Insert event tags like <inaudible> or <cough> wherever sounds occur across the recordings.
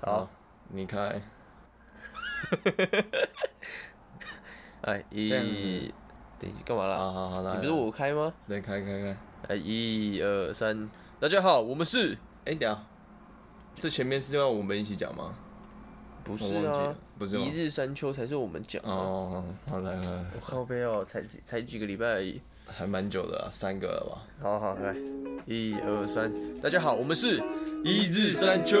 好、哦，你開。哎， <laughs> 一，等一下幹嘛啦？啊、哦，好好那你不是我開嗎？對，開開開！哎，一二三，大家好，我們是……哎、欸，等下，這前面是要我們一起講嗎？不是、啊、不是，一日三秋才是我們講。哦，好，好來，來，來來，我靠北哦，才幾才幾個禮拜而已，還蠻久的，三個了吧？好好來。來一二三，大家好，我們是一日三秋，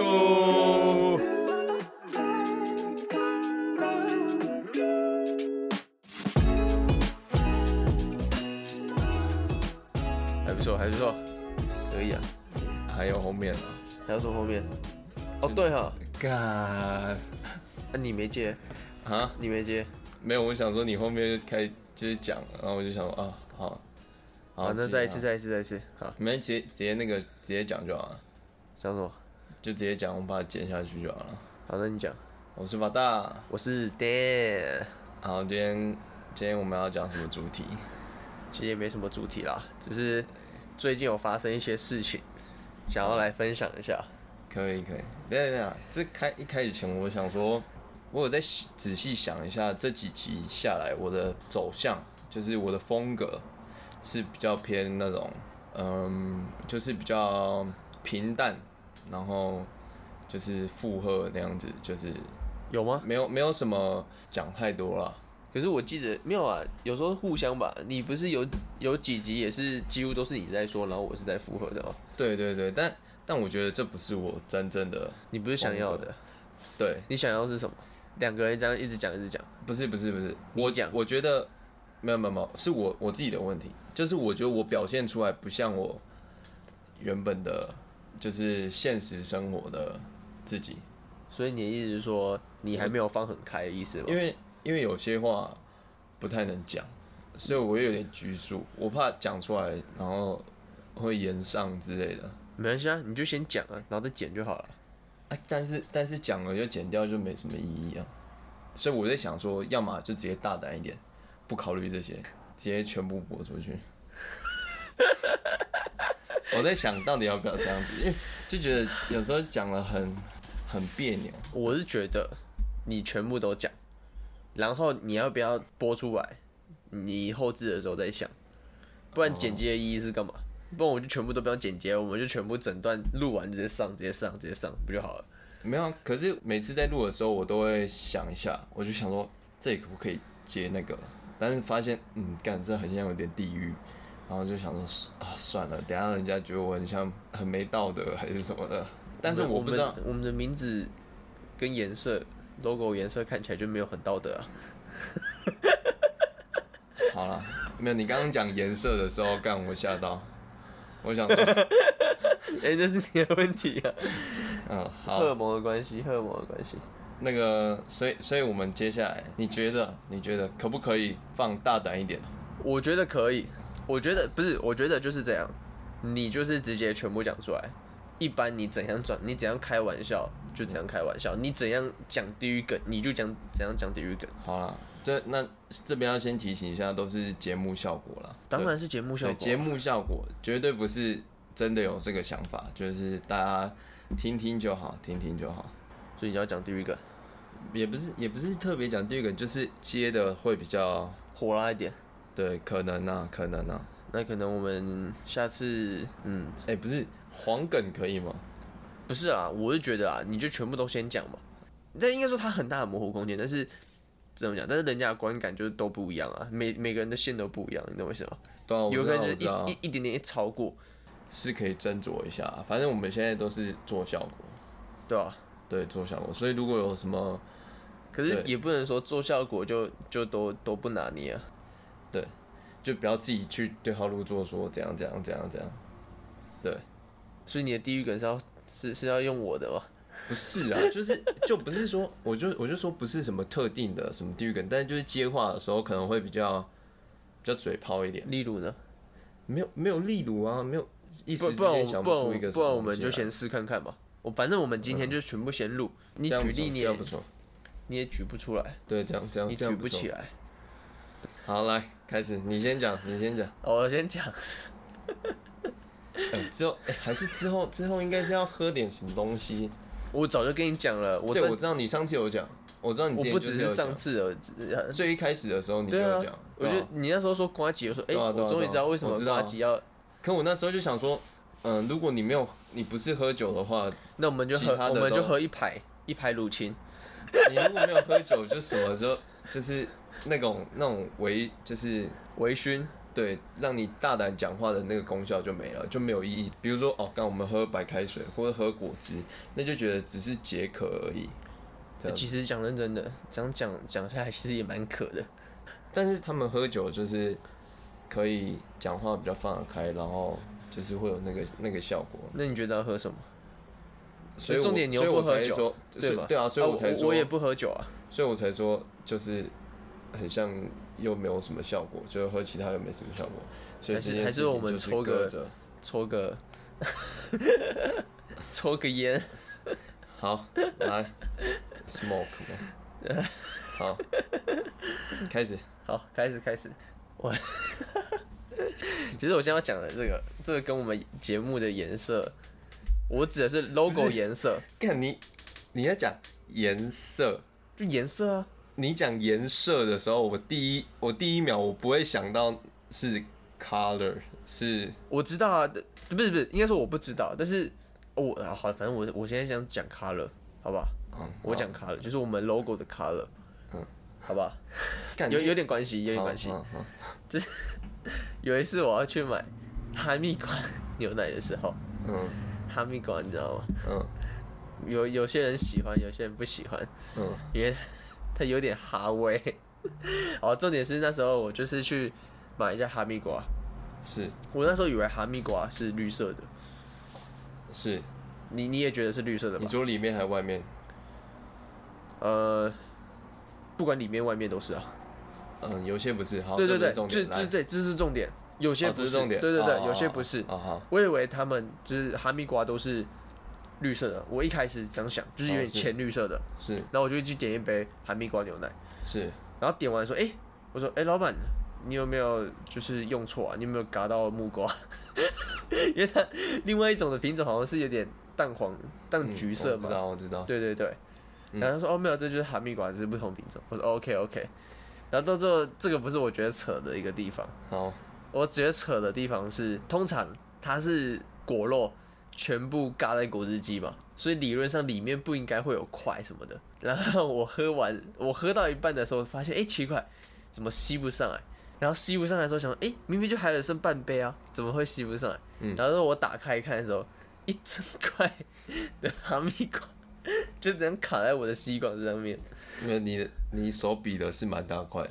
還不錯，還不錯，可以啊。還有後面啊，還要說後面？哦，對哈。幹，你沒接啊？你沒接？沒有，我想說你後面就開接講，然後我就想說啊，好。好、啊，那再一次，再一次，再一次。好，你們直接直接那個直接講就好了。講什麼？就直接講，我們把它剪下去就好了。好，那你講。我是馬大，我是 Dan。好，今天今天我們要講什麼主題？今 <laughs> 天沒什麼主題啦，只是最近有發生一些事情，想要來分享一下。可以可以。Dan 這，開一開始前我想說，我有在仔細想一下這幾集下來我的走向，就是我的風格。是比較偏那種，嗯，就是比較平淡，然後就是附和那樣子，就是有嗎？沒有，沒有什麼講太多了。可是我記得沒有啊，有時候互相吧，你不是有有幾集也是幾乎都是你在說，然後我是在附和的喔。對對對，但但我覺得這不是我真正的，你不是想要的，對，你想要是什麼？兩個人這樣一直講一直講，不是不是不是，我講，我覺得沒有沒有沒有，是我我自己的問題。就是我覺得我表現出來不像我原本的，就是現實生活的自己。所以你的意思是說你還沒有放很開的意思嗎？因為因為有些話不太能講，所以我又有點拘束，我怕講出來然後會炎上之類的。沒關係啊，你就先講啊，然後再剪就好了。哎、啊，但是但是講了就剪掉就沒什麼意義啊。所以我在想說，要麼就直接大膽一點，不考慮這些。直接全部播出去，我在想到底要不要這樣子，因為就覺得有時候講了很很彆扭。我是覺得你全部都講，然後你要不要播出來？你後製的時候再想，不然剪輯的意義是幹嘛？不然我們就全部都不要剪輯，我們就全部整段錄完直接上，直接上，直接上不就好了？沒有啊，可是每次在錄的時候，我都會想一下，我就想說這裡可不可以接那個。但是發現，嗯，幹這很像有點地獄，然後就想說啊，算了，等下人家覺得我很像很沒道德還是什麼的。但是我不知道我們，我們的名字跟顏色，logo 顏色看起來就沒有很道德啊。好啦，沒有，你剛剛講顏色的時候，幹我嚇到，我想說，哎、欸，這是你的問題啊。嗯，好。荷爾蒙的關係，荷爾蒙的關係。那個，所以，所以我們接下來，你覺得，你覺得可不可以放大膽一點？我覺得可以。我覺得不是，我覺得就是這樣。你就是直接全部講出來。一般你怎樣轉，你怎樣開玩笑就怎樣開玩笑，嗯、你怎樣講地獄梗，你就講怎樣講地獄梗。好了，這那這邊要先提醒一下，都是節目效果了。當然是節目效果，節目效果，對、對、節目效果、啊、絕對不是真的有這個想法，就是大家聽聽就好，聽聽就好。所以你要講地獄梗。也不是，也不是特別講，第二個就是接的會比較火辣一點。對，可能吶、啊，可能吶、啊。那可能我們下次，嗯，哎、欸，不是黃梗可以嗎？不是啊，我是覺得啊，你就全部都先講嘛。但應該說它很大的模糊空間，但是怎麼講？但是人家的觀感就都不一樣啊，每每個人的線都不一樣，你懂我意思嗎？對、啊啊、有可能就是一、啊、一點點一超過，是可以斟酌一下。反正我們現在都是做效果，對啊。對，做效果，所以如果有什麼，可是也不能說做效果就就都都不拿捏啊。對，就不要自己去對號入座說怎樣怎樣怎樣怎樣。對，所以你的地獄梗是要是是要用我的嗎？不是啊，就是就不是說， <laughs> 我就我就說不是什麼特定的什麼地獄梗，但是就是接話的時候可能會比較比較嘴砲一點。例如呢？沒有沒有例如啊，沒有。不不然想不出，一個不，然不，然不然我們就先試看看吧。我反正我們今天就全部先錄，你舉例你也，不錯，你也舉不出來。對，這樣這樣，你舉不起來。好，來開始，你先講，你先講，我先講。之後哎，還是之後之後,之後應該是要喝點什麼東西。我早就跟你講了，對，我知道你上次有講，我知道你。我不只是上次，最一開始的時候你就有講。啊啊啊啊啊啊、我覺得你那時候說瓜吉，我說哎，我終於知道為什麼知道瓜吉要。可我那時候就想說。嗯，如果你沒有，你不是喝酒的話，那我們就喝，我們就喝一排一排乳清。你、欸、如果沒有喝酒，就什麼就就是那種那種微就是微醺，對，讓你大膽講話的那個功效就沒了，就沒有意義。比如說哦，剛我們喝白開水或者喝果汁，那就覺得只是解渴而已。其實講認真的，這樣講講下來其實也蠻渴的。但是他們喝酒就是可以講話比較放得開，然後，就是會有那個那個效果。那你覺得要喝什麼？所以重點你又不喝酒，所以我才說，對、就是、吧？對啊，所以我才說我，我也不喝酒啊，所以我才說，就是很像又沒有什麼效果，就喝其他又沒什麼效果，所以還是，還是我們抽個抽、就是、個抽個菸，好，來 smoke，、okay. <laughs> 好，開始，好，開始，開始，我。 <laughs> <laughs> 其實我現在要講的這個，這個跟我們節目的顏色，我指的是 logo 顏色。你，你要講顏色，就顏色啊。你講顏色的時候，我第一，我第一秒我不會想到是 color，是我知道啊，不是不是，應該說我不知道。但是，我、哦、好，反正我我現在想講 color，好吧？嗯，我講 color，就是我們 logo 的 color，嗯，好吧？ <laughs> 有有點關係，有點關係、嗯，就是。嗯嗯 <laughs> 有一次我要去買哈密瓜牛奶的時候，嗯，哈密瓜你知道嗎？嗯，有有些人喜歡，有些人不喜歡，嗯，因為它有點哈味。哦， <laughs> 重點是那時候我就是去買一下哈密瓜，是我那時候以為哈密瓜是綠色的，是，你你也覺得是綠色的嗎？你說裡面還是外面？呃，不管裡面外面都是啊。嗯，有些不是，對對對，這這對，這是重點，有些不是、哦、是重點，對對對，哦、有些不是。啊、哦、哈、哦，我以為他們就是哈密瓜都是綠色的，哦、我一開始這樣想，就是有點淺綠色的，是。然後我就去點一杯哈密瓜牛奶，是。然後點完說，哎、欸，我說，哎、欸，老板，你有沒有就是用錯啊？你有沒有嘎到木瓜？ <laughs> 因為它另外一種的品種好像是有點淡黃、淡橘色嘛、嗯。我知道，我知道。對對對、嗯。然後他說，哦，沒有，這就是哈密瓜，這是不同品種。我說，OK，OK。哦 okay, okay。然後到最後，這個不是我覺得扯的一個地方。好，我覺得扯的地方是，通常它是果肉全部嘎在果汁機嘛，所以理論上裡面不應該會有塊什麼的。然後我喝完，我喝到一半的時候發現，哎，奇怪，怎麼吸不上來？然後吸不上來的時候想，哎，明明就還有剩半杯啊，怎麼會吸不上來？嗯、然後我打開一看的時候，一整塊的哈密瓜就這樣卡在我的吸管上面。沒有你，你手比的是蠻大塊的，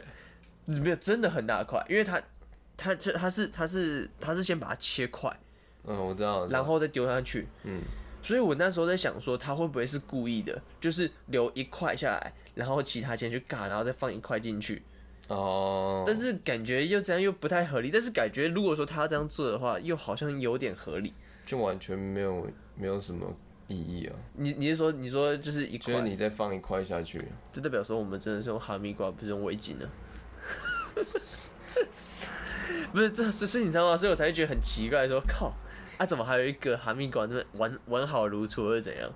沒有真的很大塊，因為他，他這他是他是他是先把它切塊，嗯我，我知道，然後再丟上去，嗯，所以我那時候在想說他會不會是故意的，就是留一塊下來，然後其他錢去嘎，然後再放一塊進去，哦，但是感覺又這樣又不太合理，但是感覺如果說他這樣做的話，又好像有點合理，就完全沒有沒有什麼意義哦，你你是說，你說就是一塊，你再放一塊下去，就代表說我們真的是用哈密瓜，不是用圍巾呢？ <laughs> 不是，這是是你知道嗎？所以我才會覺得很奇怪，說靠，啊怎麼還有一個哈密瓜這麼完完好如初，或者怎樣？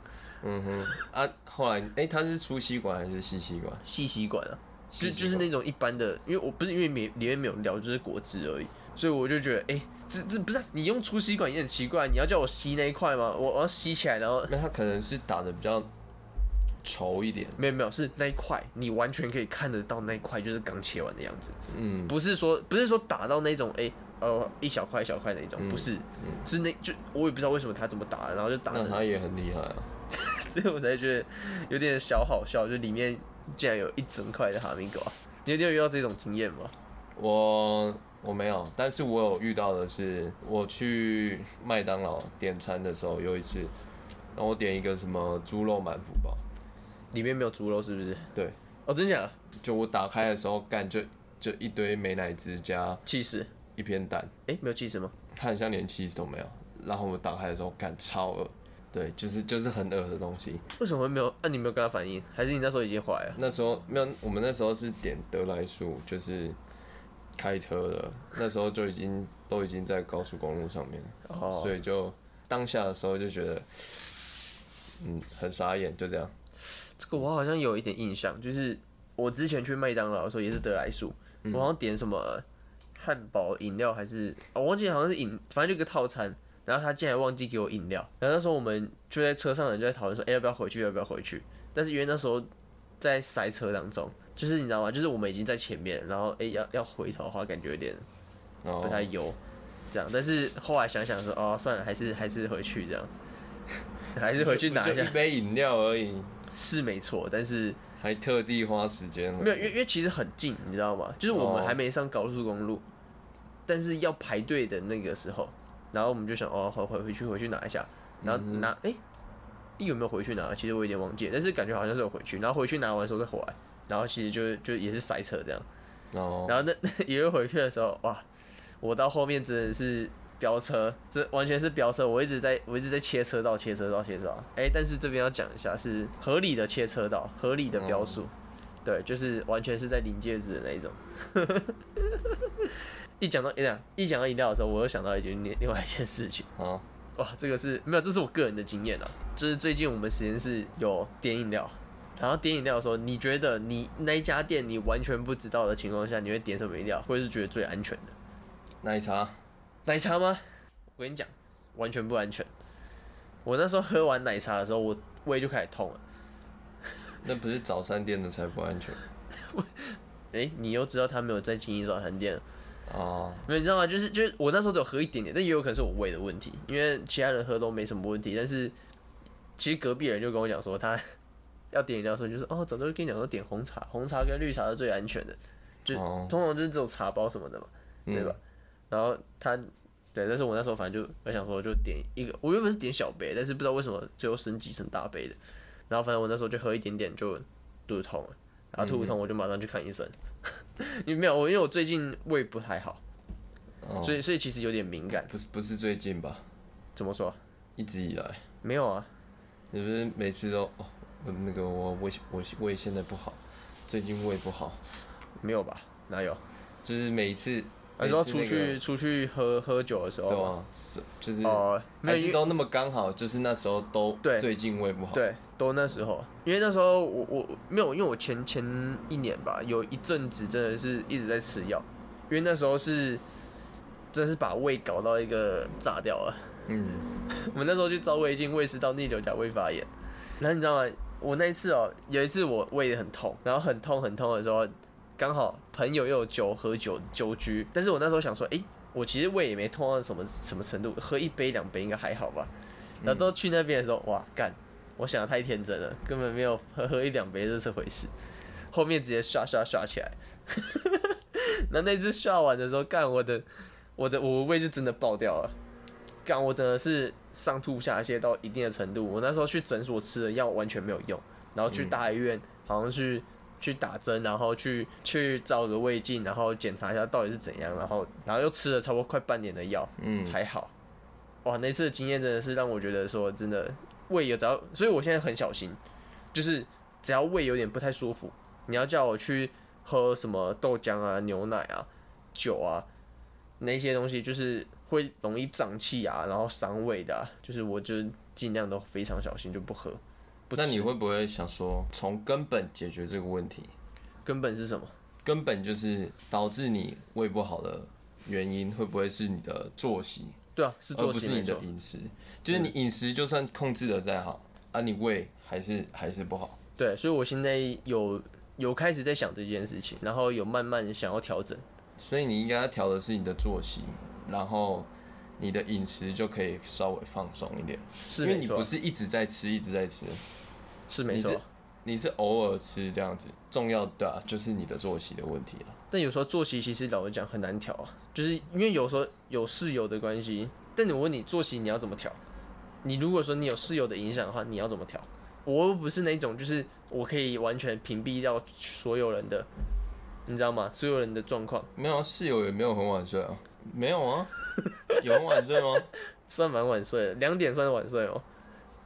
嗯哼，啊後來誒、欸，它是粗吸管還是細吸管？細吸管啊，管就就是那種一般的，因為我不是因為裡裡面沒有料，就是果汁而已。所以我就覺得，哎、欸，這這不是你用粗吸管也很奇怪。你要叫我吸那一塊嗎？我,我要吸起來，然後那他可能是打的比較稠一點。沒有沒有，是那一塊，你完全可以看得到那一塊，就是剛切完的樣子。嗯，不是說不是說打到那種，哎、欸、呃，一小塊一小塊的那種、嗯，不是，嗯、是那就我也不知道為什麼他怎麼打，然後就打的他也很厲害啊。 <laughs> 所以我才覺得有點小好笑，就裡面竟然有一整塊的哈密瓜。你有,點有遇到這種經驗嗎？我。我沒有，但是我有遇到的是，我去麥當勞點餐的時候，有一次，然後我點一個什麼豬肉滿福堡，裡面沒有豬肉是不是？對，哦，真假的？就我打開的時候，幹就就一堆美乃滋加，起司一片蛋，誒、欸，沒有起司嗎？它很像連起司都沒有，然後我打開的時候，幹超噁，對，就是就是很惡的東西。為什麼沒有？那、啊、你沒有跟他反應，還是你那時候已經壞了？那時候沒有，我們那時候是點得來速，就是。開車的那時候就已經都已經在高速公路上面了，oh. 所以就當下的時候就覺得，嗯，很傻眼，就這樣。這個我好像有一點印象，就是我之前去麥當勞的時候也是得來速、嗯，我好像點什麼漢堡飲料還是，嗯哦、我忘記好像是飲，反正就一個套餐，然後他竟然忘記給我飲料。然後那時候我們就在車上就在討論說，哎、欸，要不要回去，要不要回去？但是因為那時候在塞車當中。就是你知道嗎？就是我們已經在前面，然後哎、欸，要要回頭的話，感覺有點不太優。Oh. 這樣。但是後來想想說，哦，算了，還是還是回去這樣，還是回去拿一下。 <laughs> 一杯飲料而已，是沒錯，但是還特地花時間。沒有，因為因為其實很近，你知道嗎？就是我們還沒上高速公路，oh. 但是要排隊的那個時候，然後我們就想，哦，回回回去回去拿一下，然後拿哎、mm. 欸欸，有沒有回去拿？其實我有點忘記了，但是感覺好像是有回去，然後回去拿完之後再回來。然後其實就就也是塞車這樣，oh. 然後那一路回去的時候，哇，我到後面真的是飆車，這完全是飆車，我一直在我一直在切車道，切車道，切車道。哎，但是這邊要講一下，是合理的切車道，合理的飆速，oh. 對，就是完全是在臨界值的那一種。 <laughs> 一講到一料，一講到飲料的時候，我又想到一件另外一件事情。Oh. 哇，這個是沒有，這是我個人的經驗啊。就是最近我們實驗室有點飲料。然後點飲料的時候，你覺得你那家店你完全不知道的情況下，你會點什麼飲料，或者是覺得最安全的？奶茶，奶茶嗎？我跟你講，完全不安全。我那時候喝完奶茶的時候，我胃就開始痛了。那不是早餐店的才不安全。哎、 <laughs> 欸，你又知道他沒有在經營早餐店了。哦、oh. 沒有，你知道嗎？就是就是，我那時候只有喝一點點，但也有可能是我胃的問題，因為其他人喝都沒什麼問題。但是其實隔壁人就跟我講說他。要點飲料的時候，就是哦，早就跟你講說點紅茶，紅茶跟綠茶是最安全的，就通常就是這種茶包什麼的嘛，嗯，對吧？然後他，對，但是我那時候反正就我想說就點一個，我原本是點小杯，但是不知道為什麼最後升級成大杯的，然後反正我那時候就喝一點點就肚子痛了，然後肚子痛我就馬上去看醫生，因為、嗯、 <laughs> 沒有我因為我最近胃不太好，所以所以其實有點敏感，哦，不是不是最近吧？怎麼說？一直以來沒有啊？你不是每次都？那個我胃，我胃現在不好，最近胃不好，沒有吧？哪有？就是每一次，你說出去出去喝喝酒的時候對，就是就是，每次都那麼剛好，就是那時候都最近胃不好對，對，都那時候，因為那時候我我沒有，因為我前前一年吧，有一陣子真的是一直在吃藥，因為那時候是真是把胃搞到一個炸掉了，嗯， <laughs> 我們那時候去照胃鏡，胃食道逆流加胃發炎，那你知道嗎？我那一次哦、喔，有一次我胃很痛，然後很痛很痛的時候，剛好朋友又有酒喝酒酒局。但是我那時候想說，誒、欸，我其實胃也沒痛到什麼什麼程度，喝一杯兩杯應該還好吧。然後都去那邊的時候，哇幹！我想的太天真了，根本沒有喝喝一兩杯是這回事。後面直接刷刷刷起來，那 <laughs> 那次刷完的時候，幹我的，我的我的胃就真的爆掉了。我真的是上吐下瀉到一定的程度，我那時候去診所吃的藥完全沒有用，然後去大醫院，嗯，好像去去打針，然後去去照個胃鏡，然後檢查一下到底是怎樣，然後然後又吃了差不多快半年的藥，嗯，才好。哇，那次的經驗真的是讓我覺得說真的，胃有只要，所以我現在很小心，就是只要胃有點不太舒服，你要叫我去喝什麼豆漿啊、牛奶啊、酒啊那些東西，就是。會容易脹氣啊，然後傷胃的、啊，就是我就盡量都非常小心，就不喝不。那你會不會想說，從根本解決這個問題？根本是什麼？根本就是導致你胃不好的原因，會不會是你的作息？對啊，是作息。而不是你的飲食，就是你飲食就算控制的再好、嗯、啊，你胃還是還是不好。對，所以我現在有有開始在想這件事情，然後有慢慢想要調整。所以你應該要調的是你的作息。然後你的飲食就可以稍微放鬆一點，是、啊，因為你不是一直在吃，一直在吃，是沒錯、啊你是，你是偶爾吃這樣子。重要的、啊、就是你的作息的問題了。但有時候作息其實老實講很難調啊，就是因為有時候有室友的關係。但你問你作息你要怎麼調？你如果說你有室友的影響的話，你要怎麼調？我又不是那種就是我可以完全屏蔽掉所有人的，你知道嗎？所有人的狀況沒有、啊，室友也沒有很晚睡啊。沒有啊，有很晚睡嗎？ <laughs> 算蠻晚睡的，兩點算晚睡哦。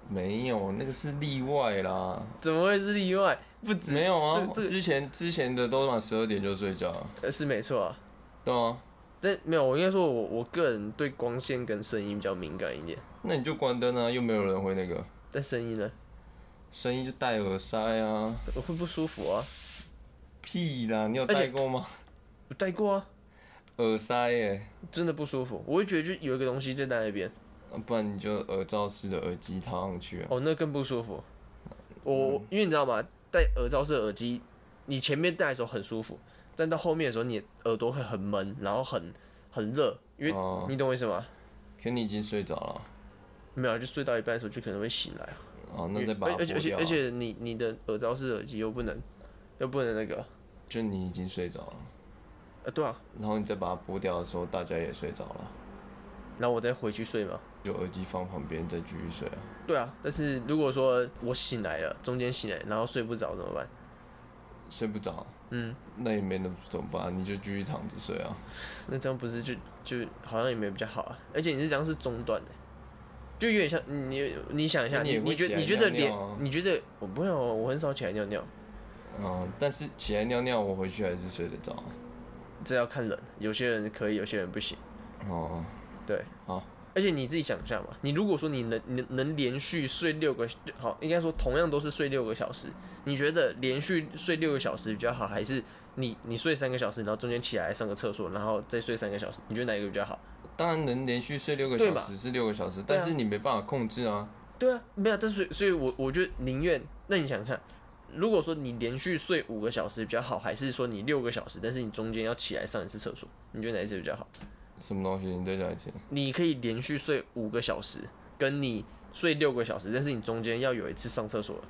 沒有，那個是例外啦。怎麼會是例外？不止、這個。沒有啊，這個、之前之前的都晚十二點就睡覺。呃，是沒錯、啊。對啊。但沒有，我應該說我我個人對光線跟聲音比較敏感一點。那你就關燈啊，又沒有人會那個。但聲音呢？聲音就戴耳塞啊。我會不舒服啊。屁啦，你有戴過嗎？有戴過啊。耳塞耶，真的不舒服，我會覺得就有一個東西在在那邊。不然你就耳罩式的耳機套上去哦？那更不舒服。嗯、我因為你知道嗎？戴耳罩式耳機，你前面戴的時候很舒服，但到後面的時候，你耳朵會很悶，然後很很熱，因為、哦、你懂我意思嗎？可你已經睡着了。沒有，就睡到一半的時候就可能會醒來。哦，那再把。而且而且而且你你的耳罩式耳機又不能又不能那個。就你已經睡着了。啊對啊，然後你再把它撥掉的時候，大家也睡着了，然後我再回去睡嘛，就耳機放旁邊再繼續睡啊。對啊，但是如果說我醒來了，中間醒來然後睡不着怎麼辦？睡不着？嗯，那也沒那麼怎麼辦？你就繼續躺着睡啊。 <laughs> 那這樣不是就就好像也沒比較好啊，而且你這張是中斷的，就有點像你你，你想一下，你你覺你得你覺得，你覺得我不會，我很少起來尿尿。嗯，但是起來尿尿，我回去還是睡得着。這要看人，有些人可以，有些人不行。哦，對，好，哦。而且你自己想一下嘛，你如果說你能，能能連續睡六個，好，應該說同樣都是睡六個小時，你覺得連續睡六個小時比較好，還是你你睡三個小時，然後中間起來，來上個廁所，然後再睡三個小時，你覺得哪一個比較好？當然能連續睡六個小時是六個小時，但是你沒辦法控制啊。對啊，對啊，沒有，但是所以，所以我我就寧願。那你想看？如果說你連續睡五個小時比較好，還是說你六個小時，但是你中間要起來上一次廁所，你覺得哪一次比較好？什麼東西？你再講一次？你可以連續睡五個小時，跟你睡六個小時，但是你中間要有一次上廁所，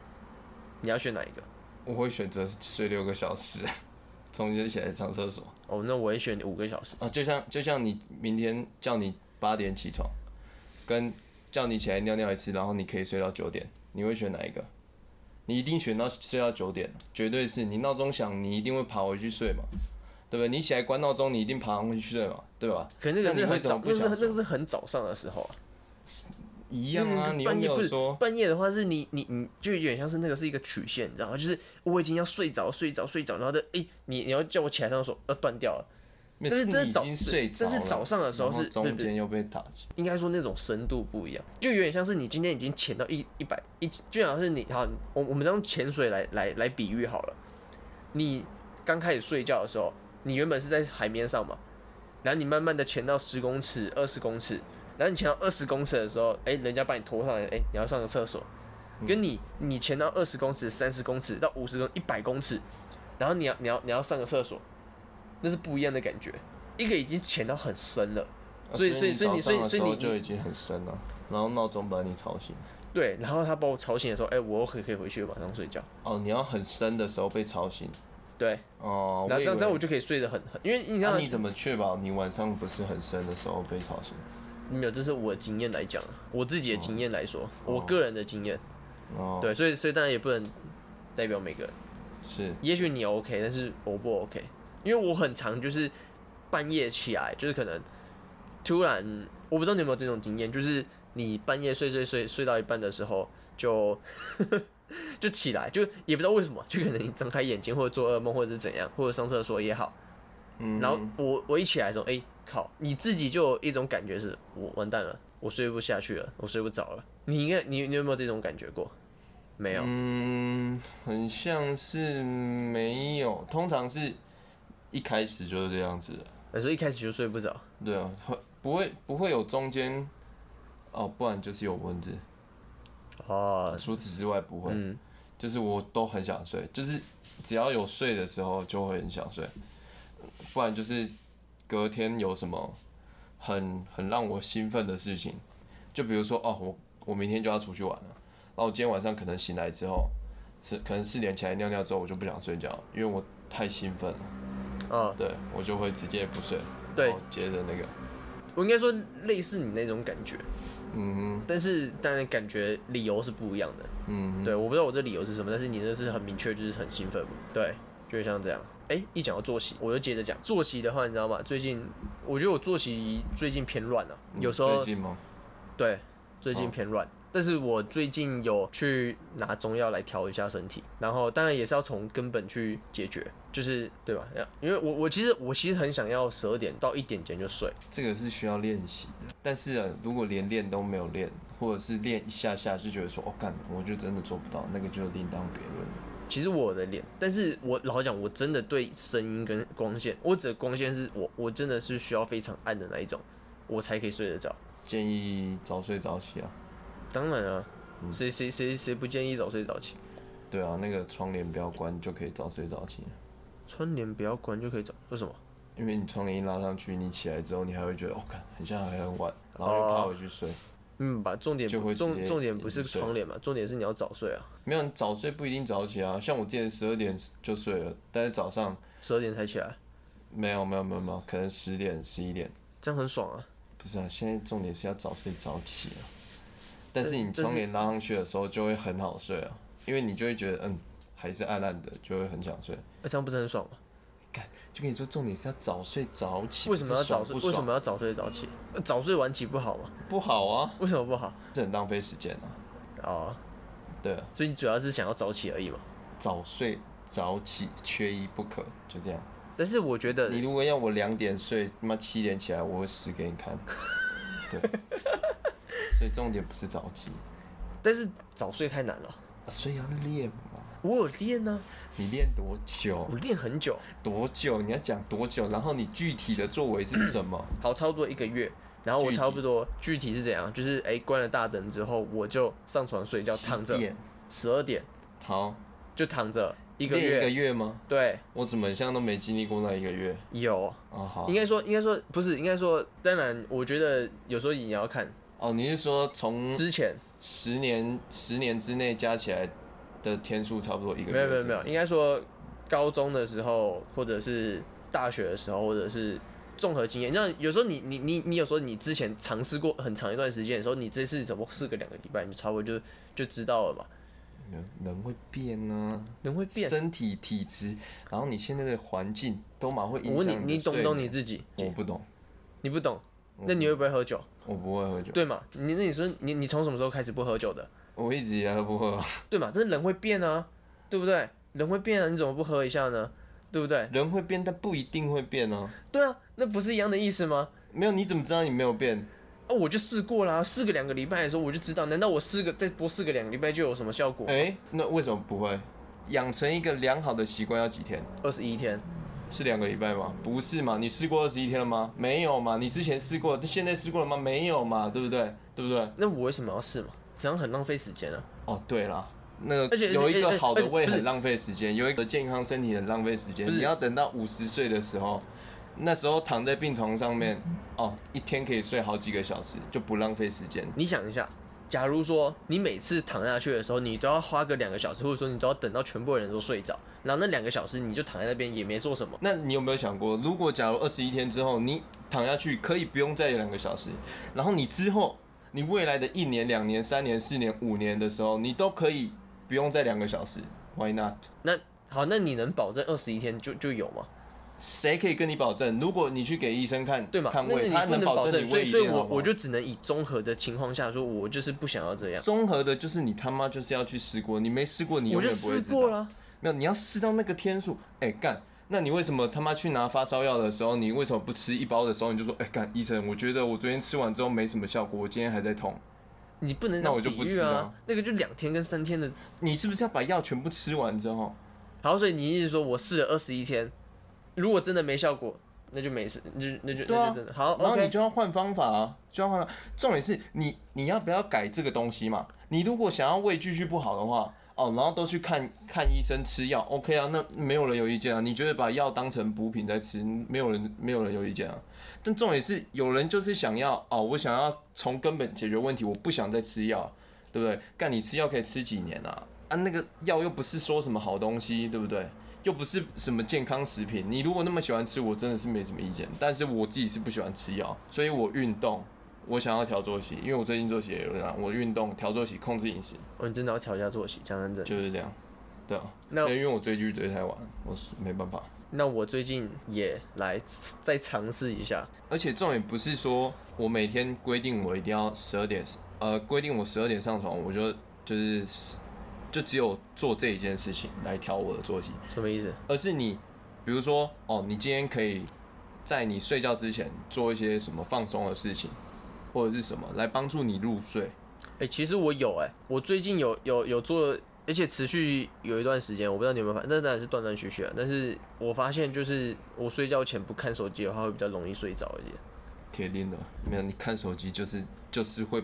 你要選哪一個？我會選擇睡六個小時，中間起來上廁所。哦，那我會選五個小時啊。就像就像你明天叫你八點起床，跟叫你起來尿尿一次，然後你可以睡到九點，你會選哪一個？你一定選到睡到九點，絕對是你鬧鐘響，你一定會爬回去睡嘛，對不對？你起來關鬧鐘，你一定爬回去睡嘛，對吧？可是那個是很早，不是那個是很早上的時候啊。一樣啊，那個、半夜你說不是半夜的話，是你你你就有點像是那個是一個曲線，你知道嗎？就是我已經要睡着睡着睡着，然後就，誒，你你要叫我起來，的時候要、呃、斷掉了。但是真早你，但是早上的時候是，中間又被打，不是不是應該說那種深度不一樣，就有點像是你今天已經潛到一一百一，就像是你好，我我們用潛水來來來比喻好了。你剛開始睡覺的時候，你原本是在海面上嘛，然後你慢慢的潛到十公尺、二十公尺，然後你潛到二十公尺的時候，哎、欸，人家把你拖上來，哎、欸，你要上個廁所。跟你你潛到二十公尺、三十公尺到五十公尺、一百公尺，然後你要你要你要，你要上個廁所。那是不一樣的感覺，一個已經潛到很深了，啊、所以所以所以你所以所以你就已經很深了，然後鬧鐘把你吵醒，對，然後他把我吵醒的時候，哎、欸，我可以可以回去晚上睡覺。哦，你要很深的時候被吵醒，對，哦，那這樣這樣我就可以睡得很很，因為你看、啊、你怎麼確保你晚上不是很深的時候被吵醒？沒有，這是我的經驗來講，我自己的經驗來說、哦，我個人的經驗，哦，對，所以所以當然也不能代表每個人，是，也許你 OK，但是我不 OK。因為我很常就是半夜起來，就是可能突然我不知道你有沒有這種經驗，就是你半夜睡睡睡睡到一半的時候就 <laughs> 就起來，就也不知道為什麼，就可能你睜開眼睛或者做噩夢或者是怎樣，或者上廁所也好。嗯，然後我我一起來的時候，哎、欸，靠，你自己就有一種感覺是我完蛋了，我睡不下去了，我睡不着了。你應該你你有沒有這種感覺過？沒有，嗯，很像是沒有，通常是。一開始就是這樣子的，欸，所以一開始就睡不着。對啊，會不會不會有中間？哦，不然就是有蚊子。哦，除此之外不會，嗯。就是我都很想睡，就是只要有睡的時候就會很想睡，不然就是隔天有什麼很很讓我興奮的事情，就比如說哦，我我明天就要出去玩了，然後我今天晚上可能醒來之後，可能四點起來尿尿之後我就不想睡覺，因為我太興奮了。啊、嗯，對我就會直接不睡，對，接着那個，我應該說類似你那種感覺，嗯，但是當然感覺理由是不一樣的，嗯，對，我不知道我這理由是什麼，但是你那是很明確，就是很興奮，對，就像這樣，哎、欸，一講到作息，我就接着講，作息的話，你知道嗎？最近我覺得我作息最近偏亂了、啊，有時候，最近嗎？對，最近偏亂、嗯，但是我最近有去拿中藥來調一下身體，然後當然也是要從根本去解決。就是對吧？因為我我其實我其實很想要十二點到一點前就睡，這個是需要練習的。但是啊，如果連練都沒有練，或者是練一下下就覺得說哦幹，我就真的做不到，那個就另當別論了。其實我的練，但是我老實講，我真的對聲音跟光線，我只光線是我我真的是需要非常暗的那一種，我才可以睡得着。建議早睡早起啊，當然啊，誰誰誰誰不建議早睡早起？對啊，那個窗簾不要關就可以早睡早起。窗簾不要關就可以找。為什麼？因為你窗簾一拉上去，你起來之後你還會覺得哦看，很像還很晚，然後又趴回去睡。呃、嗯，把重點重重點不是窗簾嘛，重點是你要早睡啊。沒有你早睡不一定早起啊，像我之前十二點就睡了，但是早上十二點才起來。沒有沒有沒有沒有，可能十點十一點，這樣很爽啊。不是啊，現在重點是要早睡早起啊，但是你窗簾拉上去的時候就會很好睡啊，因為你就會覺得嗯。還是暗淡的，就會很想睡。那這樣不是很爽嗎？就跟你說，重點是要早睡早起。為什麼要早睡？為什麼要早睡早起？早睡晚起不好嗎？不好啊。為什麼不好？是很浪費時間啊。哦，對。所以你主要是想要早起而已嘛。早睡早起缺一不可，就這樣。但是我覺得，你如果要我兩點睡，媽七點起來，我會死給你看。 <laughs> 對。所以重點不是早起。但是早睡太難了。睡、啊、要練嘛。我有練啊，你練多久？我練很久。多久？你要講多久？然後你具體的作為是什麼？ <coughs> 好，差不多一個月。然後我差不多具體，具體是怎樣？就是哎、欸，關了大燈之後，我就上床睡覺，點躺着。十二點。好。就躺着。一個月？一個月嗎？對。我怎麼想都沒經歷過那一個月？有。哦好。應該說，應該說不是，應該說，當然，我覺得有時候也要看哦。你是說從之前十年、十年之內加起來？的天數差不多一個。沒有沒有沒有，應該說高中的時候，或者是大學的時候，或者是綜合經驗。像有時候你你你你有時候你之前嘗試過很長一段時間的時候，你這次怎麼試個兩個禮拜，你差不多就就知道了吧？人人會變啊，人會變，身體體質，然後你現在的環境都蠻會影響。我問你，你懂不懂你自己？我不懂，你不懂不，那你會不會喝酒？我不會喝酒。對嘛？你那你說你你從什麼時候開始不喝酒的？我一直以來都不喝，對嘛？但是人會變啊，對不對？人會變啊，你怎麼不喝一下呢？對不對？人會變，但不一定會變啊。對啊，那不是一樣的意思嗎？沒有，你怎麼知道你沒有變？哦，我就試過啦，試個兩個禮拜的時候我就知道。難道我試個再播試個兩個禮拜就有什麼效果？哎，那為什麼不會？養成一個良好的習慣要幾天？二十一天，是兩個禮拜嗎？不是嘛？你試過二十一天了嗎？沒有嘛？你之前試過，但現在試過了嗎？沒有嘛？對不對？對不對？那我為什麼要試嘛？這樣很浪費時間啊！哦，對啦，那個有一個好的胃很浪費時間，有一個健康身體很浪費時間。你要等到五十歲的時候，那時候躺在病床上面，哦，一天可以睡好幾個小時，就不浪費時間。你想一下，假如說你每次躺下去的時候，你都要花個兩個小時，或者說你都要等到全部人都睡着，然後那兩個小時你就躺在那邊也沒做什麼。那你有沒有想過，如果假如二十一天之後你躺下去，可以不用再有兩個小時，然後你之後？你未來的一年，兩年，三年，四年，五年的時候，你都可以不用再兩個小時，Why not？那好，那你能保證二十一天就就有嗎？誰可以跟你保證？如果你去給醫生看，對嗎？看胃，他能保證一定好不好？所以，所以我我就只能以綜合的情況下說，我就是不想要這樣。綜合的，就是你他媽就是要去試過，你沒試過你不會，你我就試過了。沒有，你要試到那個天數，哎、欸，幹。那你為什麼他媽去拿發燒藥的時候，你為什麼不吃一包的時候你就說，哎、欸，幹醫生，我覺得我昨天吃完之後沒什麼效果，我今天還在痛，你不能，啊、那我就不吃啊，那個就兩天跟三天的，你是不是要把藥全部吃完之後，好，所以你一直說我試了二十一天，如果真的沒效果，那就沒事，那就那就，啊、那就真的好，然後你就要換方法啊，就要換，重點是你你要不要改這個東西嘛，你如果想要胃繼續不好的話。哦，然後都去看看醫生吃藥，OK 啊？那沒有人有意見啊？你覺得把藥當成補品在吃，沒有人沒有人有意見啊？但重點是，有人就是想要哦，我想要從根本解決問題，我不想再吃藥，對不對？幹，你吃藥可以吃幾年啊？啊，那個藥又不是說什麼好東西，對不對？又不是什麼健康食品，你如果那麼喜歡吃，我真的是沒什麼意見。但是我自己是不喜歡吃藥，所以我運動。我想要調作息，因為我最近作息也有點我運動、調作息、控制飲食。我、哦、們真的要調一下作息，講真的，就是這樣，對啊。那我因為，我追劇追太晚，我是沒辦法。那我最近也來再嘗試一下。而且，這種也不是說我每天規定我一定要十二點，呃，規定我十二點上床，我就就是就只有做這一件事情來調我的作息。什麼意思？而是你，比如說，哦，你今天可以在你睡覺之前做一些什麼放鬆的事情。或者是什麼來幫助你入睡？哎、欸，其實我有哎、欸，我最近有有有做，而且持續有一段時間，我不知道你有沒有發，那當然是斷斷續續啊。但是我發現就是我睡覺前不看手機的話，會比較容易睡着一點。鐵定的，沒有你看手機就是就是會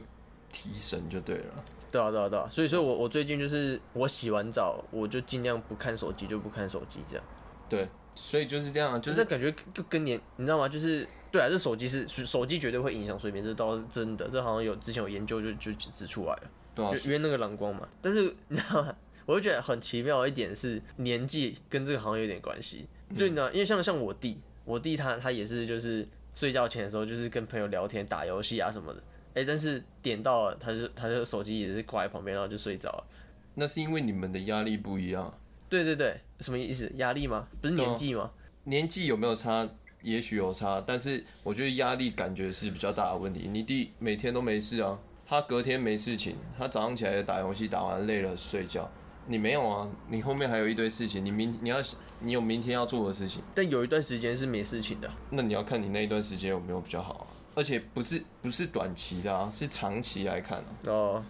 提神就對了。對啊對啊對啊，所以說我我最近就是我洗完澡我就盡量不看手機，就不看手機這樣。對，所以就是這樣、啊，就是感覺就跟你你,你知道嗎？就是。對啊，這手機是手機絕對會影響睡眠，這倒是真的。這好像有之前有研究就就指出來了，對啊，就因為那個藍光嘛。但是你知道嗎？我就覺得很奇妙一點是年紀跟這個好像有點關係。就你知道，因為像像我弟，我弟他他也是就是睡覺前的時候就是跟朋友聊天、打遊戲啊什麼的。誒，但是點到了，他就他就手機也是掛在旁邊，然後就睡着了。那是因為你們的壓力不一樣。對對對，什麼意思？壓力嗎？不是年紀嗎？哦，年紀有沒有差？也許有差，但是我覺得壓力感覺是比較大的問題。你弟每天都沒事啊，他隔天沒事情，他早上起來打遊戲打完累了睡覺，你沒有啊？你後面還有一堆事情，你明你要你有明天要做的事情。但有一段時間是沒事情的，那你要看你那一段時間有沒有比較好啊？而且不是不是短期的啊，是長期來看啊。哦，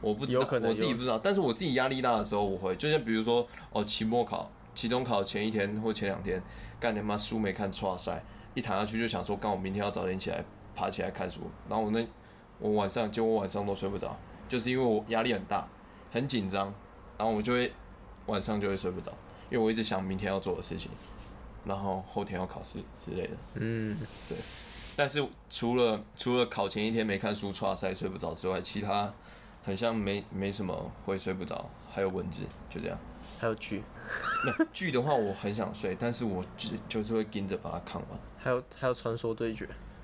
我不知道，有可能有，我自己不知道，但是我自己壓力大的時候，我會就像比如說哦，期末考、期中考前一天或前兩天。幹你媽，書沒看，剉賽一躺下去就想說，幹，我明天要早點起來，爬起來看書。然後我那我晚上就我晚上都睡不着，就是因為我壓力很大，很緊張，然後我就會晚上就會睡不着，因為我一直想明天要做的事情，然後後天要考試之類的。嗯，對。但是除了除了考前一天沒看書，剉賽睡不着之外，其他很像沒沒什麼會睡不着，還有蚊子，就這樣。還有劇， <laughs> 劇的話我很想睡，但是我就就是會盯着把它看完。還有還有傳說對決，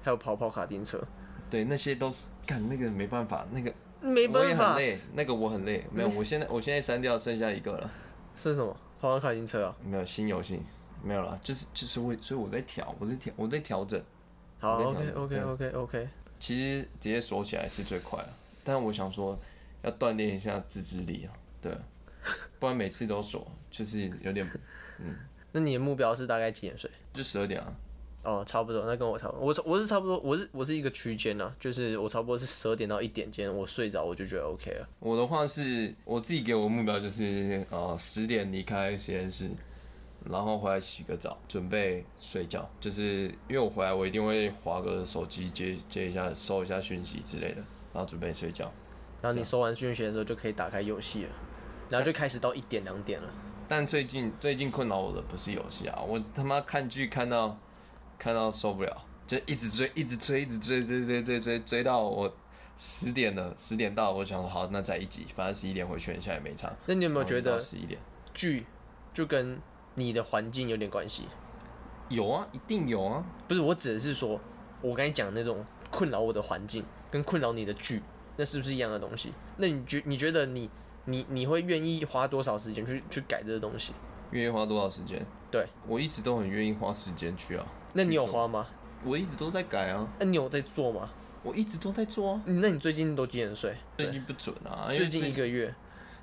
還有跑跑卡丁車，對，那些都是幹那個沒辦法，那個沒辦法累，那個我很累，沒有，我現在我現在刪掉，剩下一個了，是什麼？跑跑卡丁車啊？沒有新遊戲，沒有了，就是就是為，所以我在調，我在調，我在調整。好整，OK OK OK OK，其實直接鎖起來是最快的，但我想說要鍛鍊一下自制力啊，對。不然每次都鎖，就是有點，嗯。 <laughs> 那你的目標是大概幾點睡？就十二點啊。哦，差不多，那跟我差不多。我我是差不多，我是我是一個區間啊。就是我差不多是十二點到一點間，我睡着我就覺得 OK 了。我的話是，我自己給我的目標就是啊，呃、十點離開實驗室，然後回來洗個澡，準備睡覺。就是因為我回來，我一定會滑個手機接接一下，收一下訊息之類的，然後準備睡覺。然後你收完訊息的時候，就可以打開遊戲了。然後就開始到一點兩點了，但最近最近困擾我的不是遊戲啊，我他媽看劇看到看到受不了，就一直追一直追一直追追追追追，追到我十點了，十點到了我想說好，那再一集，反正十一點回去，現在也沒差。那你有沒有覺得十一點劇就跟你的環境有點關係？有啊，一定有啊。不是我指的是說，我剛才講的那種困擾我的環境跟困擾你的劇，那是不是一樣的東西？那你覺你覺得你？你你會願意花多少時間去去改這個東西？願意花多少時間？對，我一直都很願意花時間去啊。那你有花嗎？我一直都在改啊。那、啊、你有在做嗎？我一直都在做啊。那你最近都幾點睡？最近不準啊最，最近一個月，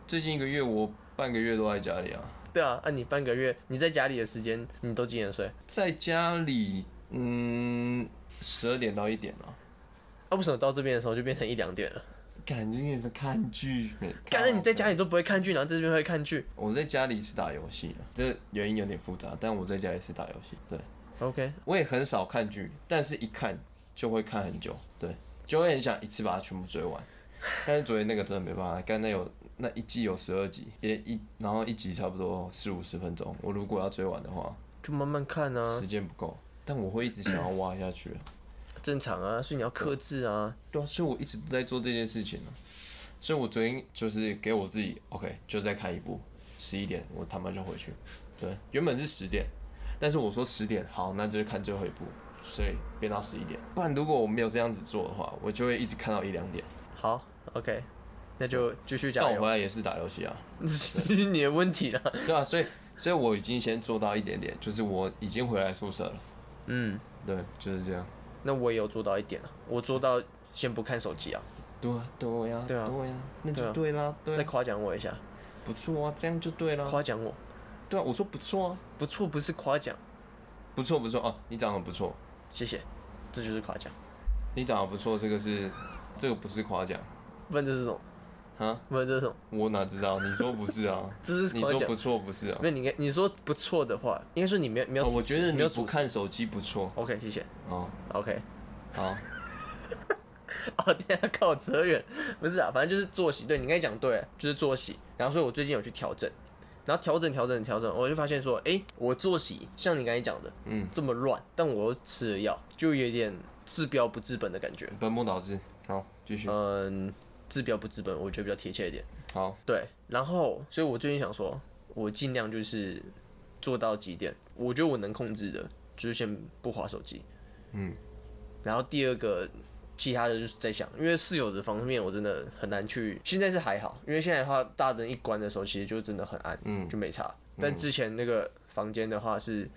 最近一個月我半個月都在家裡啊。對啊，那、啊、你半個月你在家裡的時間，你都幾點睡？在家裡，嗯，十二點到一點啊。那為什麼到這邊的時候就變成一兩點了？感覺也是看劇，剛才你在家裡都不會看劇，然後在這邊會看劇。我在家裡是打遊戲，這原因有點複雜，但我在家也是打遊戲。對，OK，我也很少看劇，但是一看就會看很久，對，就會很想一次把它全部追完。但是昨天那個真的沒辦法，剛才那有那一季有十二集，也一然後一集差不多四五十分鐘，我如果要追完的話，就慢慢看啊，時間不夠。但我會一直想要挖下去。 <coughs> 正常啊，所以你要克制啊，啊。對啊，所以我一直在做這件事情啊。所以我昨天就是給我自己，OK，就再看一部，十一點我他媽就回去。對，原本是十點，但是我說十點好，那就是看最後一部，所以變到十一點。不然如果我沒有這樣子做的話，我就會一直看到一兩點。好，OK，那就繼續講。那我回來也是打遊戲啊，這 <laughs> 是對， <laughs> 你的問題啊，對啊，所以所以我已經先做到一點點，就是我已經回來宿舍了。嗯，對，就是這樣。那我也有做到一點啊，我做到先不看手機啊。啊對啊對啊,那就對啦。再、啊、誇獎我一下，不錯啊，這樣就對啦。誇獎我，對啊，我說不錯啊，不錯不是誇獎，不錯不錯啊，你長得不錯，謝謝，這就是誇獎。你長得不錯，這個是，這個不是誇獎。問 <laughs> 這是什麼？啊，不是，這是什麼？我哪知道？你說不是啊？ <laughs> 這是你說不錯不是啊？不是該你，你說不錯的話，應該是你沒有你沒有，哦。我覺得沒有不看手機不錯。OK，謝謝。哦，OK，好。 <laughs> 哦等下、啊、靠，扯遠，不是啊，反正就是作息。對你應該講對，就是作息、啊。然後所以我最近有去調整，然後調整調整調整，我就發現說，哎、欸，我作息像你剛才講的，嗯，這麼亂，但我又吃了藥，就有點治標不治本的感覺，本末倒置。好，繼續。嗯。治標不治本，我覺得比較貼切一點。好，對，然後，所以我最近想說，我儘量就是做到幾點，我覺得我能控制的，就是先不滑手機，嗯，然後第二個，其他的就是在想，因為室友的方面，我真的很難去。現在是還好，因為現在的話，大燈一關的時候，其實就真的很暗，嗯，就沒差。但之前那個房間的話，是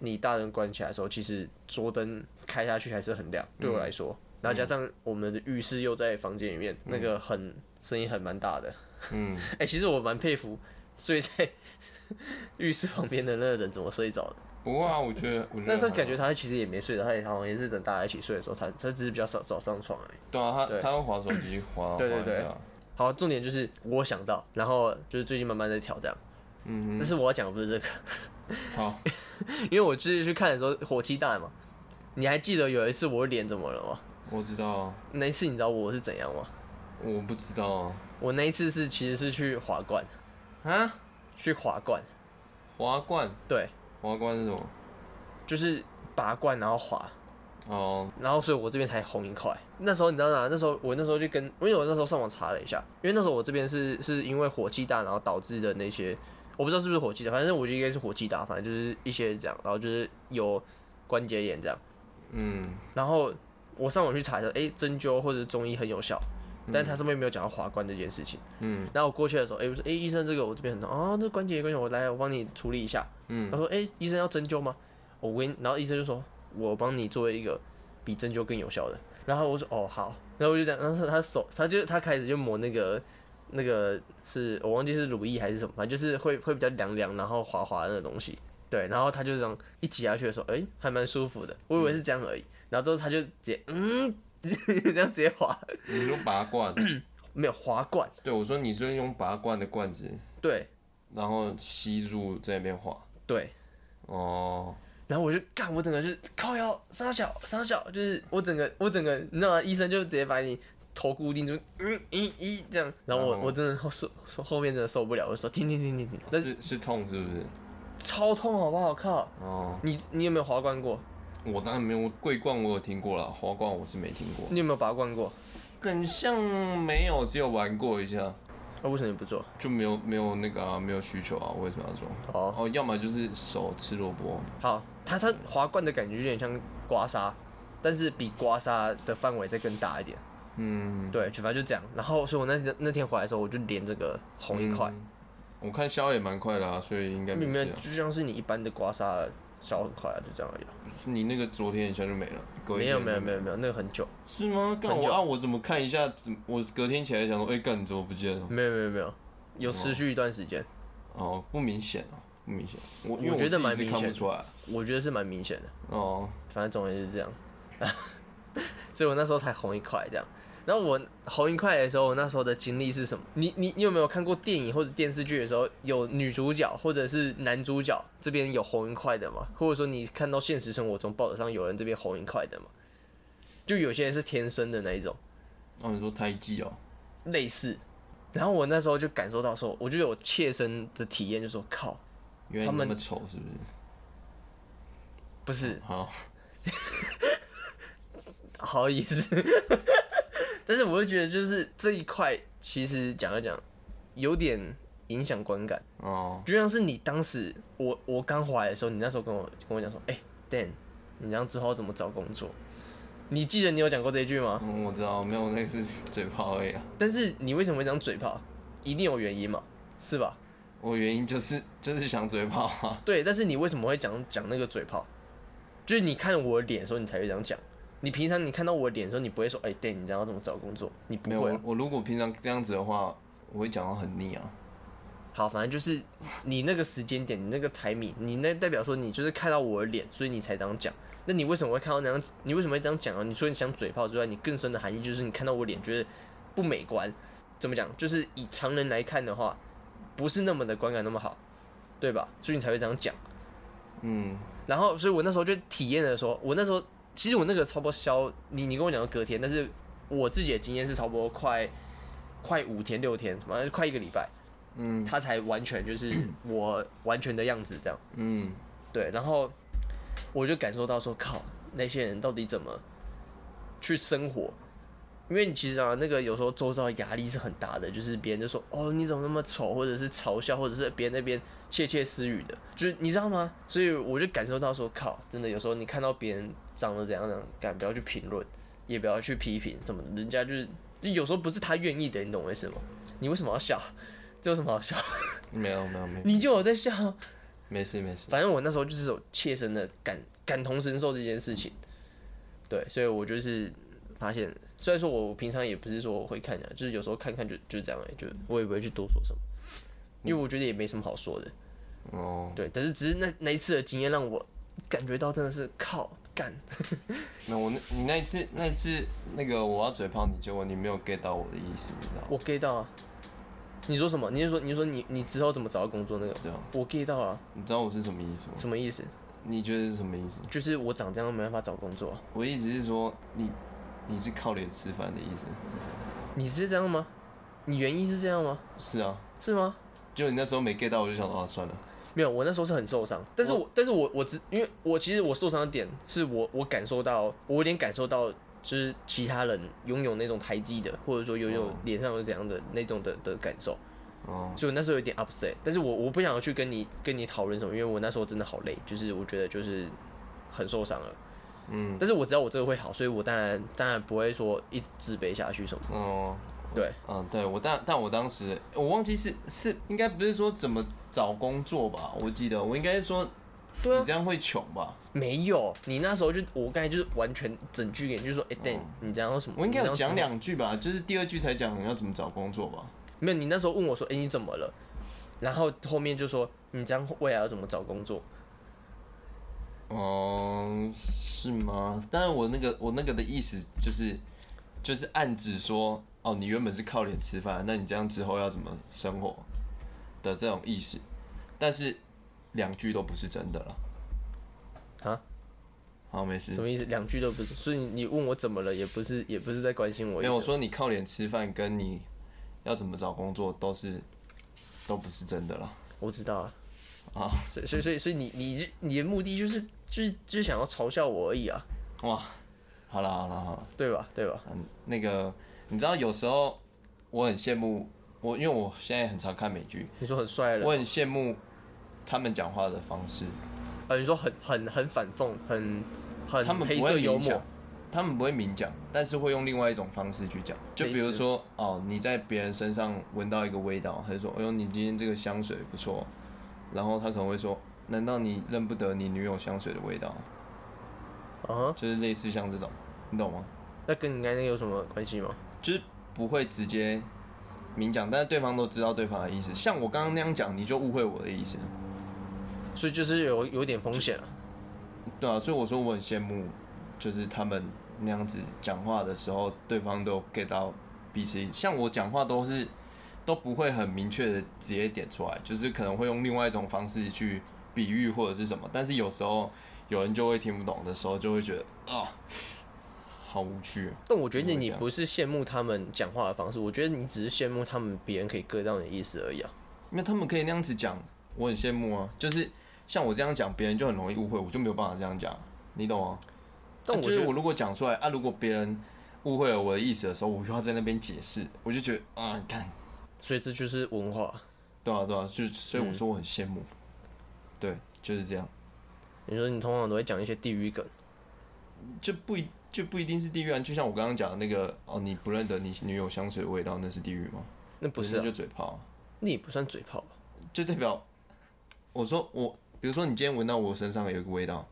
你大燈關起來的時候，其實桌燈開下去還是很亮，對我來說。嗯嗯、然後加上我們的浴室又在房間裡面，嗯，那個很聲音還蠻大的。 <laughs> 嗯，哎，欸，其實我蠻佩服睡在浴室旁邊的那個人怎麼睡着的。不過啊，我覺得，但、啊、是、嗯、感覺他其實也沒睡着，他好像也是等大家一起睡的時候，他他只是比較早早上床而已，欸。對啊，他他會滑手機滑。對對對。好，重點就是我想到，然後就是最近慢慢在調整。嗯，但是我要講的不是這個。 <laughs> 好， <laughs> 因為我最近去看的時候火氣大嘛，你還記得有一次我臉怎麼了嗎？我知道啊。那一次你知道我是怎樣嗎？我不知道啊。我那一次是其實是去滑罐，啊，去滑罐，滑罐，對。滑罐是什麼？就是拔罐然後滑。哦。然後所以我這邊才紅一塊。那時候你知道嗎？那時候我那時候就跟，因為我那時候上網查了一下，因為那時候我這邊是是因為火氣大，然後導致的那些，我不知道是不是火氣大，反正我覺得應該是火氣大，反正就是一些這樣，然後就是有關節炎這樣。嗯。然後。我上網去查一下，哎、欸，針灸或者中醫很有效，但他上面沒有講到滑關這件事情。嗯，然後我過去的時候，哎、欸，我說，哎、欸，醫生，這個我這邊很痛啊，這、哦、關節有關節，我來，我幫你處理一下。嗯，他說，哎、欸，醫生要針灸嗎？我問，然後醫生就說，我幫你做一個比針灸更有效的。然後我說，哦，好。然後我就這樣，然後他手，他就他開始就抹那個那個是我忘記是乳液還是什麼，反正就是會會比較涼涼，然後滑滑的那東西。對，然後他就這樣一擠下去的時候，哎、欸，還蠻舒服的。我以為是這樣而已。嗯然後之後他就直接嗯，這樣直接滑。你用拔罐？沒有，滑罐。對我說，你就是用拔罐的罐子。對。然後吸住這邊滑。對。哦、oh.。然後我就幹，我整個就是，靠腰，三小三小，就是我整個我整個，你知道嗎？醫生就直接把你頭固定住，嗯一一這樣。然後我、oh. 我真的後受受後面真的受不了，我就說停停停停停。那是是痛是不是？超痛好不好？靠。哦、oh.。你你有沒有滑罐過？我當然沒有，桂冠我有聽過啦，滑罐我是沒聽過。你有沒有拔罐過？很像沒有，只有玩過一下。那、哦、為什麼你不做？就沒有沒有那個啊，沒有需求啊，為什麼要做？哦、oh. 哦，要麼就是手吃蘿蔔。好，它它滑罐的感覺就有點像刮痧，但是比刮痧的範圍再更大一點。嗯，對，就反正就這樣。然後，所以我那天那天回來的時候，我就連這個紅一塊、嗯。我看消也蠻快的啊，所以應該沒事啊。你們就像是你一般的刮痧。小很快啊，就這樣而已。你那個昨天一下就沒了？沒有沒有沒有沒有，那個很久。是嗎？我啊，我怎麼看一下？怎我隔天起來想說，哎，幹怎麼不見了？沒有沒有沒有，有持續一段時間。哦，不明顯哦，不明顯。我我覺得蠻明顯。看不出來。我覺得是蠻明顯的。哦，反正總而是這樣。所以我那時候才紅一塊這樣。然後我紅一塊的時候，我那時候的經歷是什麼？你你你有沒有看過電影或者電視劇的時候，有女主角或者是男主角這邊有紅一塊的嗎？或者說你看到現實生活中報紙上有人這邊紅一塊的嗎？就有些人是天生的那一種。那、哦、你說胎記哦？類似。然後我那時候就感受到說，我就有切身的體驗，就說靠，他們那麼醜是不是？不是。好、哦。 <laughs> 好意思。 <laughs> <laughs> 但是我會覺得，就是這一塊，其實講來講，有點影響觀感哦。Oh. 就像是你當時我，我我剛回來的時候，你那時候跟我跟我講說，哎、欸、，Dan，你這樣之後怎麼找工作？你記得你有講過這一句嗎？嗯，我知道，沒有，那個、是嘴炮而已、啊。但是你為什麼會講嘴炮？一定有原因嘛，是吧？我原因就是真的、就是想嘴炮啊。 <laughs> 對，但是你為什麼會講講那個嘴炮？就是你看我臉的,的時候，你才會這樣講。你平常你看到我臉的、的時候，你不會說哎，對、欸欸，你知道怎麼找工作？你不會、欸我。我如果平常這樣子的話，我會講到很膩啊。好，反正就是你那個時間點，你那個台米，你那代表說你就是看到我的臉，所以你才這樣講。那你為什麼會看到那樣？你為什麼會這樣講啊？你說你想嘴炮之外，你更深的含義就是你看到我臉覺得不美觀。怎麼講？就是以常人來看的話，不是那麼的觀感那麼好，對吧？所以你才會這樣講。嗯。然後，所以我那時候就體驗的時候，我那時候。其實我那個超波消，你你跟我講到隔天，但是我自己的經驗是超波快快五天六天，反正快一個禮拜，嗯，他才完全就是我完全的樣子這樣，嗯，對，然後我就感受到說靠，那些人到底怎麼去生活？因為其實啊，那個有時候周遭壓力是很大的，就是別人就說哦，你怎麼那麼醜，或者是嘲笑，或者是別人那邊竊竊私語的，就是你知道嗎？所以我就感受到說靠，真的有時候你看到別人，長得怎樣？怎樣？幹，不要去評論，也不要去批評什麼。人家就是有時候不是他願意的，你懂我意思嗎？你為什麼要笑？這有什麼好笑？沒有，沒有，沒有。你就有在笑。沒事，沒事。反正我那時候就是有切身的感感同身受這件事情，嗯。對，所以我就是發現。雖然說，我平常也不是說我會看，就是有時候看看就就這樣，欸，就我也不會去多說什麼，因為我覺得也沒什麼好說的。哦、嗯，對，但是只是那那一次的經驗讓我感覺到真的是靠。幹， <laughs> 那我那，你那一次那一次那個，我要嘴炮你，就問你沒有 get 到我的意思，你知道嗎？我 get 到啊！你說什麼？你就說，你就說你你之後怎麼找到工作那個？對吧？我 get 到啊！你知道我是什麼意思嗎？什麼意思？你覺得是什麼意思？就是我長這樣沒辦法找工作。我意思是說，你你是靠臉吃飯的意思？你是這樣嗎？你原因是這樣嗎？是啊。是嗎？就你那時候沒 get 到，我就想說啊，算了。沒有，我那時候是很受傷，但是我，我但是我我只，因為我其實我受傷的點是我我感受到，我有點感受到，就是其他人擁有那種胎記的，或者說擁有臉上有怎樣的、嗯、那種的的感受，哦、嗯，所以我那時候有點 upset，但是我我不想要去跟你跟你討論什麼，因為我那時候真的好累，就是我覺得就是很受傷了，嗯，但是我知道我這個會好，所以我當然當然不會說一直自卑下去什麼，哦、嗯。嗯對，嗯，對我但但我當時我忘記是是應該不是說怎麼找工作吧？我記得我應該是說對、啊、你這樣會窮吧？沒有，你那時候就我剛才就是完全整句給你，就是說哎，等、嗯、你這樣說什麼？我應該有講兩句吧，就是第二句才講你要怎麼找工作吧？沒有，你那時候問我說，哎，你怎麼了？然後後面就說你這樣未來要怎麼找工作？嗯，是嗎？但是我那個我那個的意思就是就是暗指說。哦，你原本是靠臉吃飯，那你這樣之後要怎麼生活的這種意思，但是兩句都不是真的了。啊？好、哦，沒事。什麼意思？兩句都不是，所以你問我怎麼了，也不是，也不是在關心我。因為我說你靠臉吃飯，跟你要怎麼找工作都是都不是真的了。我知道了。啊，所以所以所以所以你你你的目的就是就是就是想要嘲笑我而已啊？哇，好了好了好了，對吧對吧？嗯，那個。你知道有時候我很羨慕我，因為我現在很常看美劇。你說很帥了。我很羨慕他們講話的方式。等、啊、於說很很很反諷，很很黑色幽默。他們不會明講，但是會用另外一種方式去講。就比如說哦，你在別人身上聞到一個味道，他就說：“哎呦，你今天這個香水不錯。”然後他可能會說：“難道你認不得你女友香水的味道？” Uh-huh、就是類似像這種，你懂嗎？那跟你剛剛有什麼關係嗎？就是不會直接明講，但是對方都知道對方的意思。像我剛剛那樣講，你就誤會我的意思，所以就是有有點風險啊。對啊，所以我說我很羨慕，就是他們那樣子講話的時候，對方都給到彼此。像我講話都是都不會很明確的直接點出來，就是可能會用另外一種方式去比喻或者是什麼，但是有時候有人就會聽不懂的時候，就會覺得啊。哦。好無趣，但我覺得你不是羨慕他們講話的方式，我覺得你只是羨慕他們別人可以割你的意思而已啊。那他們可以那樣子講，我很羨慕啊。就是像我這樣講，別人就很容易誤會，我就沒有辦法這樣講，你懂嗎、啊？但我覺、就、得、是啊就是、我如果講出來啊，如果別人誤會了我的意思的時候，我就要在那邊解釋，我就覺得啊，你看，所以這就是文化，對啊對啊，就所，所以我說我很羨慕、嗯，對，就是這樣。你說你通常都會講一些地獄梗，就不一。就不一定是地獄啊，就像我剛剛講的那個哦，你不認得你女友香水的味道，那是地獄嗎？那不是、啊、那就嘴炮、啊，那也不算嘴炮吧？就代表我說我，比如說你今天聞到我身上有一個味道，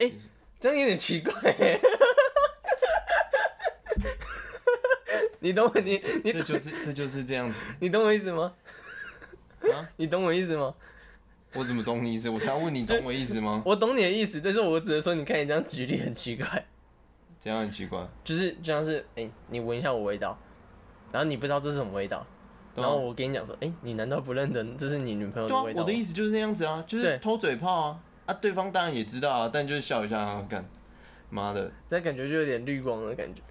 哎、欸就是，這樣有點奇怪、欸 <laughs> 你你你。你懂你你這就是這就，就是這樣子，你懂我意思嗎？ <laughs> 啊，你懂我意思嗎？我怎麼懂你意思？我想要問你懂我意思嗎？ <laughs> 我懂你的意思，但是我只是說，你看你這樣舉例很奇怪。這樣很奇怪，就是就像是，哎、欸，你聞一下我味道，然後你不知道這是什麼味道，啊、然後我跟你講說，哎、欸，你難道不認得這是你女朋友？的味道、啊？我的意思就是那樣子啊，就是偷嘴炮啊，啊，對方當然也知道啊，但就是笑一下啊，幹，媽的，這感覺就有點綠光的感覺，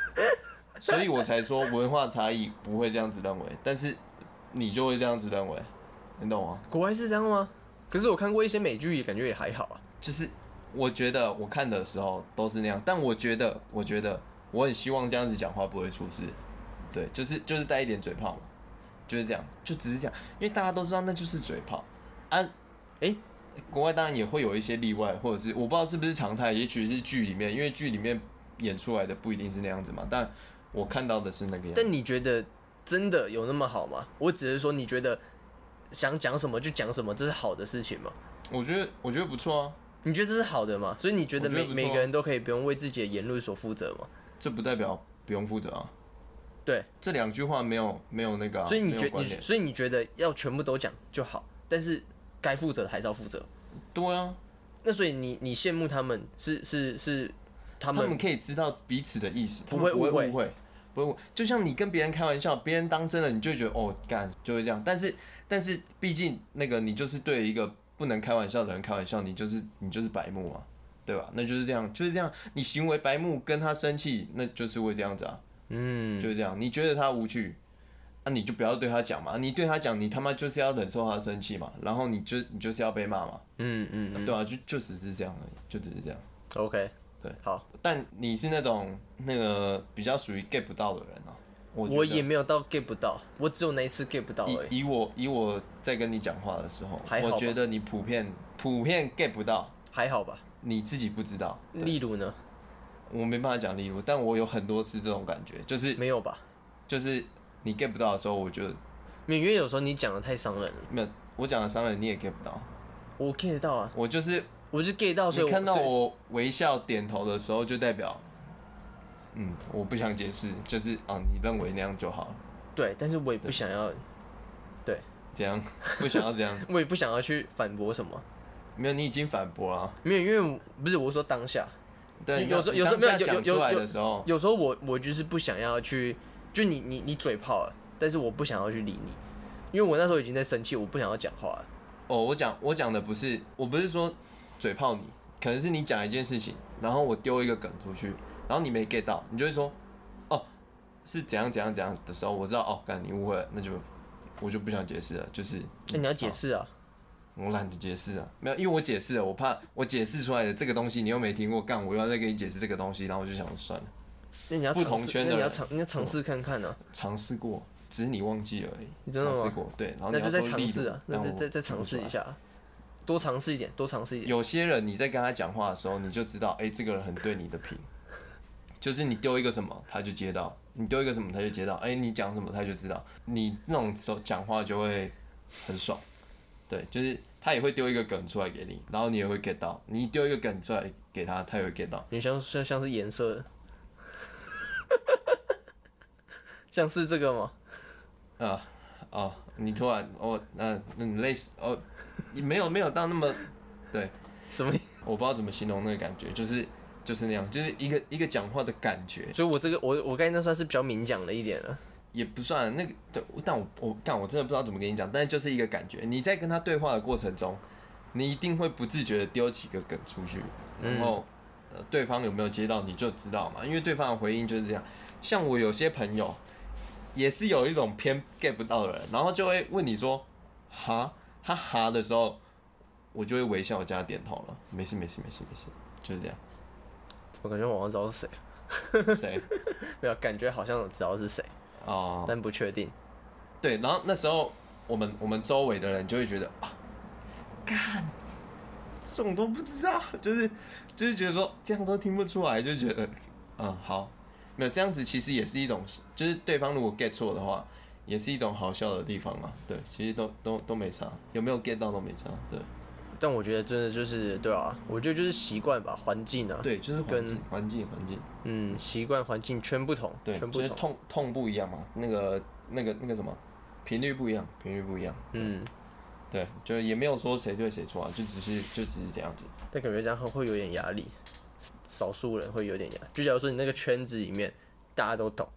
<laughs> 所以我才說文化差異不會這樣子認為，但是你就會這樣子認為，你懂嗎、啊？國外是這樣嗎？可是我看過一些美劇，也感覺也還好啊，就是。我覺得我看的時候都是那樣，但我覺得，我覺得我很希望這樣子講話不會出事，對，就是就是帶一點嘴炮嘛，就是這樣，就只是這樣，因為大家都知道那就是嘴炮啊，誒、欸，國外當然也會有一些例外，或者是我不知道是不是常態，也許是劇裡面，因為劇裡面演出來的不一定是那樣子嘛，但我看到的是那個樣。但你覺得真的有那麼好嗎？我只是說你覺得想講什麼就講什麼，這是好的事情嗎？我覺得我覺得不錯啊。你覺得這是好的嗎？所以你覺得每覺得每個人都可以不用為自己的言論所負責嗎？這不代表不用負責啊。對，這兩句話沒有沒有那個啊，所以你覺你所以你覺得要全部都講就好，但是該負責的還是要負責。對啊，那所以你你羨慕他們是是是，是他們他們可以知道彼此的意思，不會誤會，不會。就像你跟別人開玩笑，別人當真了，你就會覺得哦，幹就會這樣，但是但是畢竟那個你就是對一個。不能開玩笑的人開玩笑，你就是你就是白目嘛，對吧？那就是這樣，就是這樣。你行為白目，跟他生氣，那就是會這樣子啊，嗯，就是這樣。你覺得他無趣，那、啊、你就不要對他講嘛。你對他講，你他媽就是要忍受他生氣嘛，然後你就你就是要被罵嘛，嗯嗯，嗯，啊對吧、啊？就就只是這樣而已，就只是這樣。OK，對，好。但你是那種那個比較屬於 get 不到的人啊。我，我也沒有到 get 不到，我只有那一次 get 不到。以以我以我在跟你講話的時候，我覺得你普遍普遍 get 不到，還好吧？你自己不知道。例如呢？我沒辦法講例如，但我有很多次這種感覺，就是沒有吧？就是你 get 不到的時候，我就，得。因為有時候你講的太傷人了。沒有，我講的傷人你也 get 不到。我 get 得到啊。我就是，我就 get 到，所以我所以看到我微笑點頭的時候，就代表。嗯，我不想解釋，就是啊，你認為那樣就好。對，但是我也不想要，對，怎樣？不想要怎樣？ <laughs> 我也不想要去反駁什麼。沒有，你已經反駁了。沒有，因為不是我說當下，對，有時候你有時候沒有講出來的時候，有時候我我就是不想要去，就你你你嘴炮啊，但是我不想要去理你，因為我那時候已經在生氣，我不想要講話了。哦，我講我講的不是，我不是說嘴炮你，可能是你講一件事情，然後我丟一個梗出去。然後你沒 get 到，你就會說，哦，是怎樣怎樣怎樣的時候，我知道哦，幹你誤會了，那就我就不想解釋了，就是。那、欸、你要解釋啊？哦，我懶得解釋啊。沒有，因為我解釋了，我怕我解釋出來的這個東西你又沒聽過，幹我又要再給你解釋這個東西，然後我就想算了。那、欸、你要不同圈的你，你要嚐，試看看呢、啊。嘗試過，只是你忘記而已。你真的忘記？對，然後你要那就再嘗試啊，那再再再嘗試一下，多嘗試一點，多嘗試一點。有些人你在跟他講話的時候，你就知道，哎、欸，這個人很對你的品。就是你丟一個什麼，他就接到；你丟一個什麼，他就接到。哎、欸，你講什麼，他就知道。你這種手講話就會很爽，對，就是他也會丟一個梗出來給你，然後你也會 get 到。你丟一,一個梗出來給他，他也會 get 到。你像像像是顏色的， <laughs> 像是這個嗎？啊、呃、哦，你突然哦，那那你類似哦，你沒有沒有到那麼對，什麼？我不知道怎麼形容那個感覺，就是。就是那樣，就是一個一個講話的感覺。所以，我這個我我剛才那算是比較明講的一點了，也不算。那個，但但我我但我真的不知道怎麼跟你講。但是，就是一個感覺，你在跟他對話的過程中，你一定會不自覺的丟幾個梗出去，然後、嗯呃、對方有沒有接到你就知道嘛，因為對方的回應就是這樣。像我有些朋友也是有一種偏 get 不到的人，然後就會問你說“哈哈哈”的時候，我就會微笑加點頭了。沒事沒事沒事沒事，就是這樣。我感覺我好像知道是誰、啊，誰？ <laughs> 沒有，感覺好像我知道是誰哦，Oh. 但不確定。對，然後那時候我們我們周圍的人就會覺得啊，幹，這種都不知道，就是就是覺得說，這樣都聽不出來，就覺得嗯好，沒有，這樣子其實也是一種，就是對方如果 get 錯的話，也是一種好笑的地方嘛。對，其實都都都沒差，有沒有 get 到都沒差。對。但我覺得真的就是對啊，我覺得就是習慣吧，環境啊，對，就是跟環境，環境，境，嗯，習慣環境圈不同，對，圈不同，就是、痛痛不一樣嘛、啊，那個那個那個什麼頻率不一樣，頻率不一樣，嗯，對，就也沒有說誰對誰錯啊，就只是就只是這樣子，但感覺這樣會有點壓力，少數人會有點壓，就假如說你那個圈子裡面大家都懂，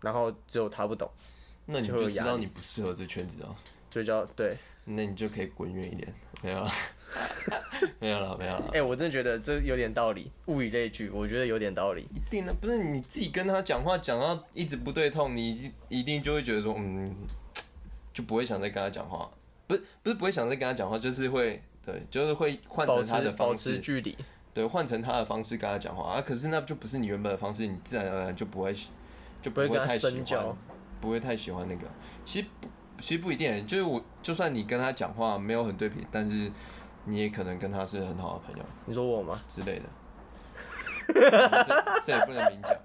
然後只有他不懂，那你就知道你不適合這圈子哦、喔，所以叫對，那你就可以滾遠一點，沒有。 <laughs> 沒有了，沒有了。哎、欸，我真的覺得這有點道理，物以類聚，我覺得有點道理。一定呢、啊，不是你自己跟他講話講到一直不對頭，你一定就會覺得說，嗯，就不會想再跟他講話。不是，不是不會想再跟他講話，就是會，對，就是會換成他的方式，保持，保持距離，對，換成他的方式跟他講話啊。可是那就不是你原本的方式，你自然而然就不會，就不會太深交，不會太喜歡那個。其實其實不一定，就是我就算你跟他講話沒有很對比，但是。你也可能跟他是很好的朋友，你說我嗎？之類的， <laughs> 嗯、這，這也不能明講。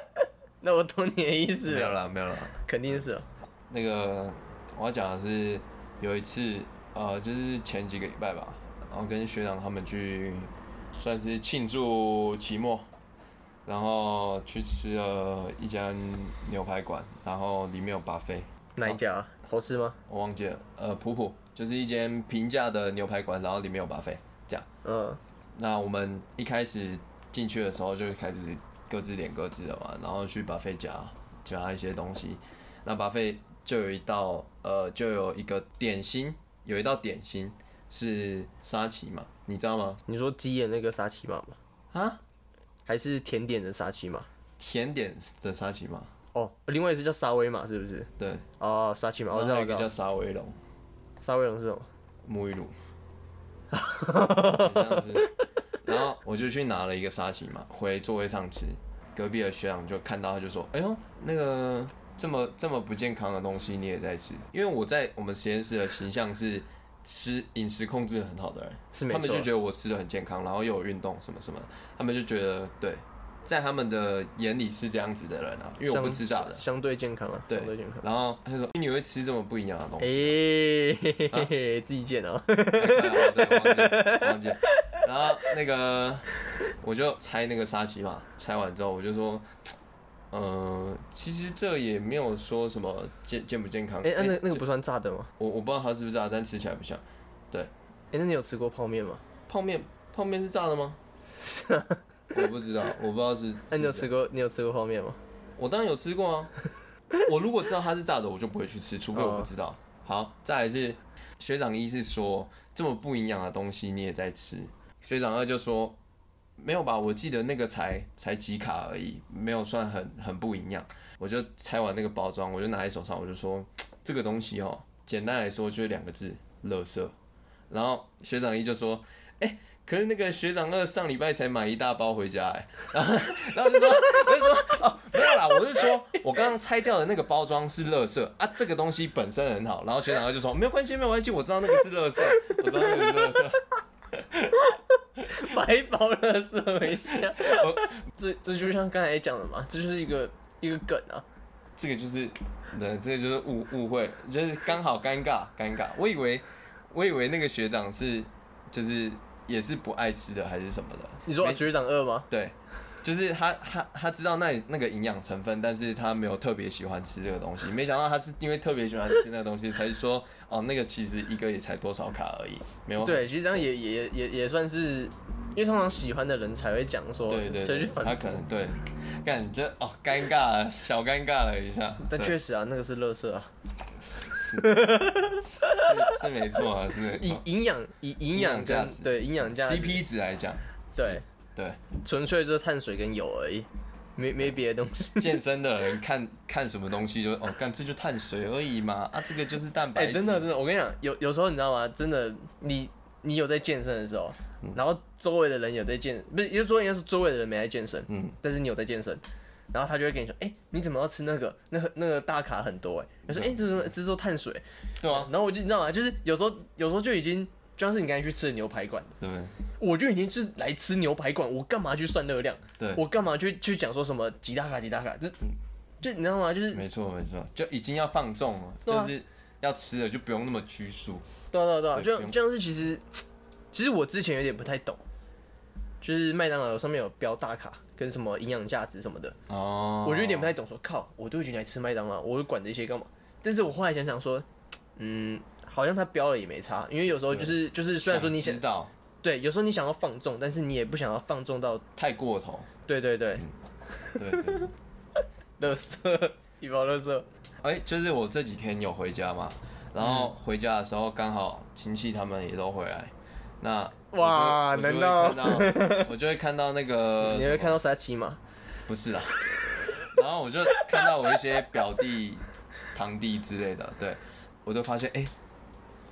<laughs> 那我懂你的意思了。沒有啦，沒有啦，肯定是了。那個我要講的是有一次，呃，就是前幾個禮拜吧，然後跟學長他們去算是慶祝期末，然後去吃了一家牛排館，然後裡面有巴菲。哪一家？好、啊、好吃嗎？我忘記了。呃，普普。就是一間平價的牛排館，然後裡面有巴菲，這樣。嗯、呃，那我們一開始進去的時候就開始各自點各自的嘛，然後去巴菲夾夾一些東西。那巴菲就有一道呃，就有一個點心，有一道點心是沙琪瑪，你知道嗎？你說雞眼那個沙琪瑪嗎？啊？還是甜點的沙琪瑪？甜點的沙琪瑪。哦，另外也是叫沙威瑪是不是？對。哦，沙琪瑪，我知道一個叫沙威龍。沙威龍是什、哦、麼？沐浴露， <laughs> 然後我就去拿了一個沙琪瑪，回座位上吃。隔壁的學長就看到，他就說：“哎呦，那個這麼這麼不健康的東西，你也在吃？”因為我在我們實驗室的形象是吃飲食控制很好的人、欸，是、啊、他們就覺得我吃的很健康，然後又有運動什麼什麼，他們就覺得對。在他們的眼裡是這樣子的人啊，因為我不吃炸的，相，相，相對健康啊。對，相對健康。然後他就說：“你會吃這麼不一樣的東西？”哎、欸啊，自己煎的。欸、 <laughs> 對，忘記，忘記。然後那個，我就猜那個沙琪瑪，猜完之後我就說：“嗯、呃，其實這也沒有說什麼健健不健康。欸”哎、欸，那那個不算炸的嗎？我我不知道它是不是炸，但吃起來不像。對。哎、欸，那你有吃過泡麵嗎？泡麵，泡麵是炸的嗎？是啊。我不知道，我不知道是吃。哎、啊，你有吃過，你有吃過泡麵嗎？我當然有吃過啊。我如果知道它是炸的，我就不會去吃，除非我不知道。Oh. 好，再來是學長一，是說這麼不營養的東西你也在吃。學長二就說沒有吧，我記得那個才才幾卡而已，沒有算很很不營養。我就拆完那個包裝，我就拿在手上，我就說這個東西哦、喔，簡單來說就是兩個字：垃圾。然後學長一就說，哎、欸。可是那個學長那上禮拜才買一大包回家哎、欸，然 <laughs> 後然後就說，他就說哦，沒有啦，我是說我剛剛拆掉的那個包裝是樂色啊，這個東西本身很好。然後學長他就說沒有關係，沒有關係，我知道那個是樂色，我知道那個是樂色，買一包樂色一下。這這就像剛才講的嘛，這就是一個一個梗啊。這個就是對，這個就是誤誤會，就是剛好尷尬尷尬。我以為我以為那個學長是就是。也是不愛吃的還是什麼的？你說我、啊、學長餓嗎？對。就是他他他知道那裡那個營養成分，但是他沒有特別喜歡吃這個東西。沒想到他是因為特別喜歡吃那個東西，才說哦，那個其實一個也才多少卡而已，沒有對。其實這樣也也也也算是，因為通常喜歡的人才會講說，對，對，對所以去反。他可能對，感覺哦尷尬了，小尷尬了一下。但確實啊，那個是垃圾啊，是是，是，是沒錯啊，是以營養以營養價值對營養價 CP 值來講，對。對，純粹就是碳水跟油而已，沒沒別的東西。健身的人看 <laughs> 看什麼東西就哦，幹，這就碳水而已嘛，啊，這個就是蛋白、欸。真的真的，我跟你講，有有時候你知道嗎？真的，你你有在健身的時候，嗯、然後周圍的人有在健，不是，有說應該是周圍的人沒在健身，嗯，但是你有在健身，然後他就會跟你說，哎、欸，你怎麼要吃那個那那個大卡很多？哎，他說，哎、嗯欸，這是什麼，這是碳水，對啊，然後我就你知道嗎？就是有時候有時候就已經。像是你剛才去吃的牛排館，對，我就已經是來吃牛排館，我幹嘛去算熱量？對，我干嘛去去講說什麼幾大卡幾大卡？就就你知道嗎？就是沒錯沒錯，就已經要放縱了、啊，就是要吃了就不用那麼拘束。對啊、對啊、對啊、對，就就像是其實，其實我之前有點不太懂，就是麥當勞上面有標大卡跟什麼營養價值什麼的哦，oh. 我就有點不太懂說。說，靠，我都已經來吃麥當勞，我會管這些幹嘛？但是我後來想想說，嗯。好像他飆了也沒差，因為有時候就是就是，雖然說你想，想知道，對，有時候你想要放縱，但是你也不想要放縱到太過頭。對對對，嗯、對對樂色，一包樂色。哎、欸，就是我這幾天有回家嘛，然後回家的時候剛好親、嗯、戚他們也都回來，那哇，難道 <laughs> 我就會看到那個？你會看到沙琪瑪嘛？不是啦， <laughs> 然後我就看到我一些表弟、 <laughs> 堂弟之類的，對我就發現哎。欸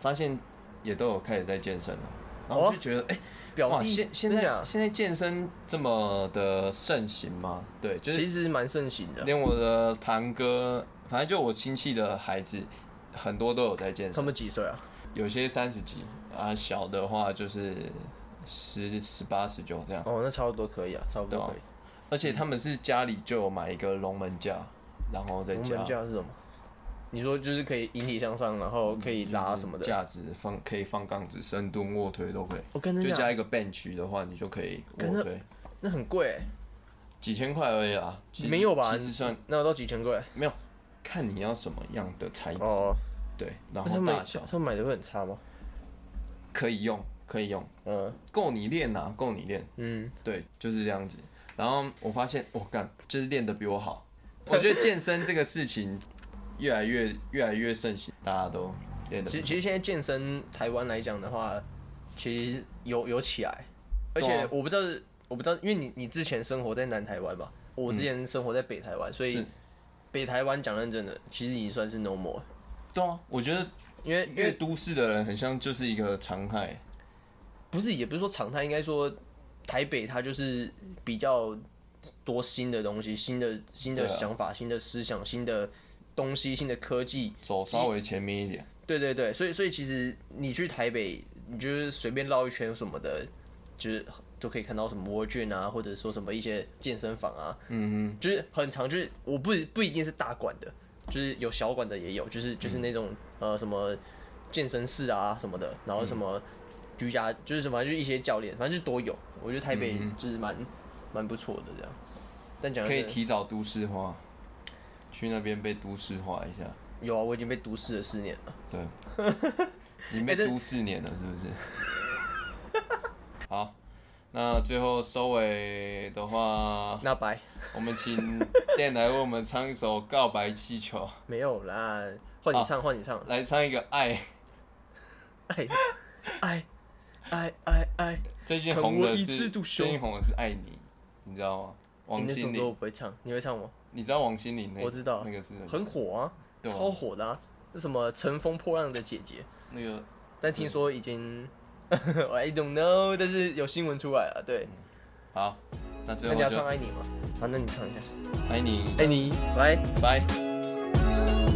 發現也都有開始在健身了，然後就覺得哎、哦欸，表弟，真的假的？現在健身這麼的盛行嗎？對，就是其實蠻盛行的。連我的堂哥，反正就我親戚的孩子，很多都有在健身。他們幾歲啊？有些三十幾啊，小的話就是十十八十九這樣。哦，那差不多可以啊，差不多可以。啊、而且他們是家裡就有買一個龍門架，然後在家。龍門架是什麼？你說就是可以引體向上，然後可以拉什麼的架子，嗯就是，放，可以放槓子，深蹲臥推都可以。我、oh, 跟就加一個 bench 的話，你就可以臥推那。那很貴，幾千塊而已啊，沒有吧？其實算那都幾千塊，沒有，看你要什麼樣的材質，oh. 對，然後大小他。他買的會很差嗎？可以用，可以用，嗯，夠你練啊，夠你練，嗯，對，就是這樣子。然後我發現，我、喔、幹就是練得比我好。我覺得健身這個事情。 <laughs> 越來越越來越盛行，大家都對。其實其實現在健身台灣來講的話，其實有有起來，而且我不知道、啊、我不知道，因為你你之前生活在南台灣吧，我之前生活在北台灣、嗯，所以北台灣講認真的，其實已經算是 normal。對啊，我覺得越因為因為都市的人很像就是一個常態，不是也不是說常態，應該說台北它就是比較多新的東西、新的新的想法、啊、新的思想、新的。東西性的科技走稍微前面一點，對對對，所以所以其實你去台北，你就是隨便繞一圈什麼的，就是都可以看到什麼魔 o 啊，或者說什麼一些健身房啊，嗯嗯，就是很常，就是我不不一定是大館的，就是有小館的也有，就是就是那種、嗯、呃什麼健身室啊什麼的，然後什麼居家就是什麼就是、一些教練，反正就都有，我覺得台北就是蠻蠻、嗯、不錯的這樣，但講，可以提早都市化。去那邊被都市化一下，有啊，我已經被都市了四年了。對，你被都市年了是不是？欸、好，那最後收尾的話，那白，我們請電台為我們唱一首《告白氣球》。沒有啦，換你唱，換、啊、你唱，來唱一個愛，愛，愛，愛，愛，最近紅的是最近紅的是《愛你》，你知道嗎？王心凌，都我不會唱，你會唱嗎？你知道王心凌那個？我知道，那個是、那個、很火啊，啊，超火的、啊。那什麼？乘風破浪的姐姐。那個，但聽說已經、嗯、 <laughs> ，I don't know，但是有新聞出來了。對，好，那最後那你要唱愛你嗎？好、啊，那你唱一下，愛你，愛你，來，拜。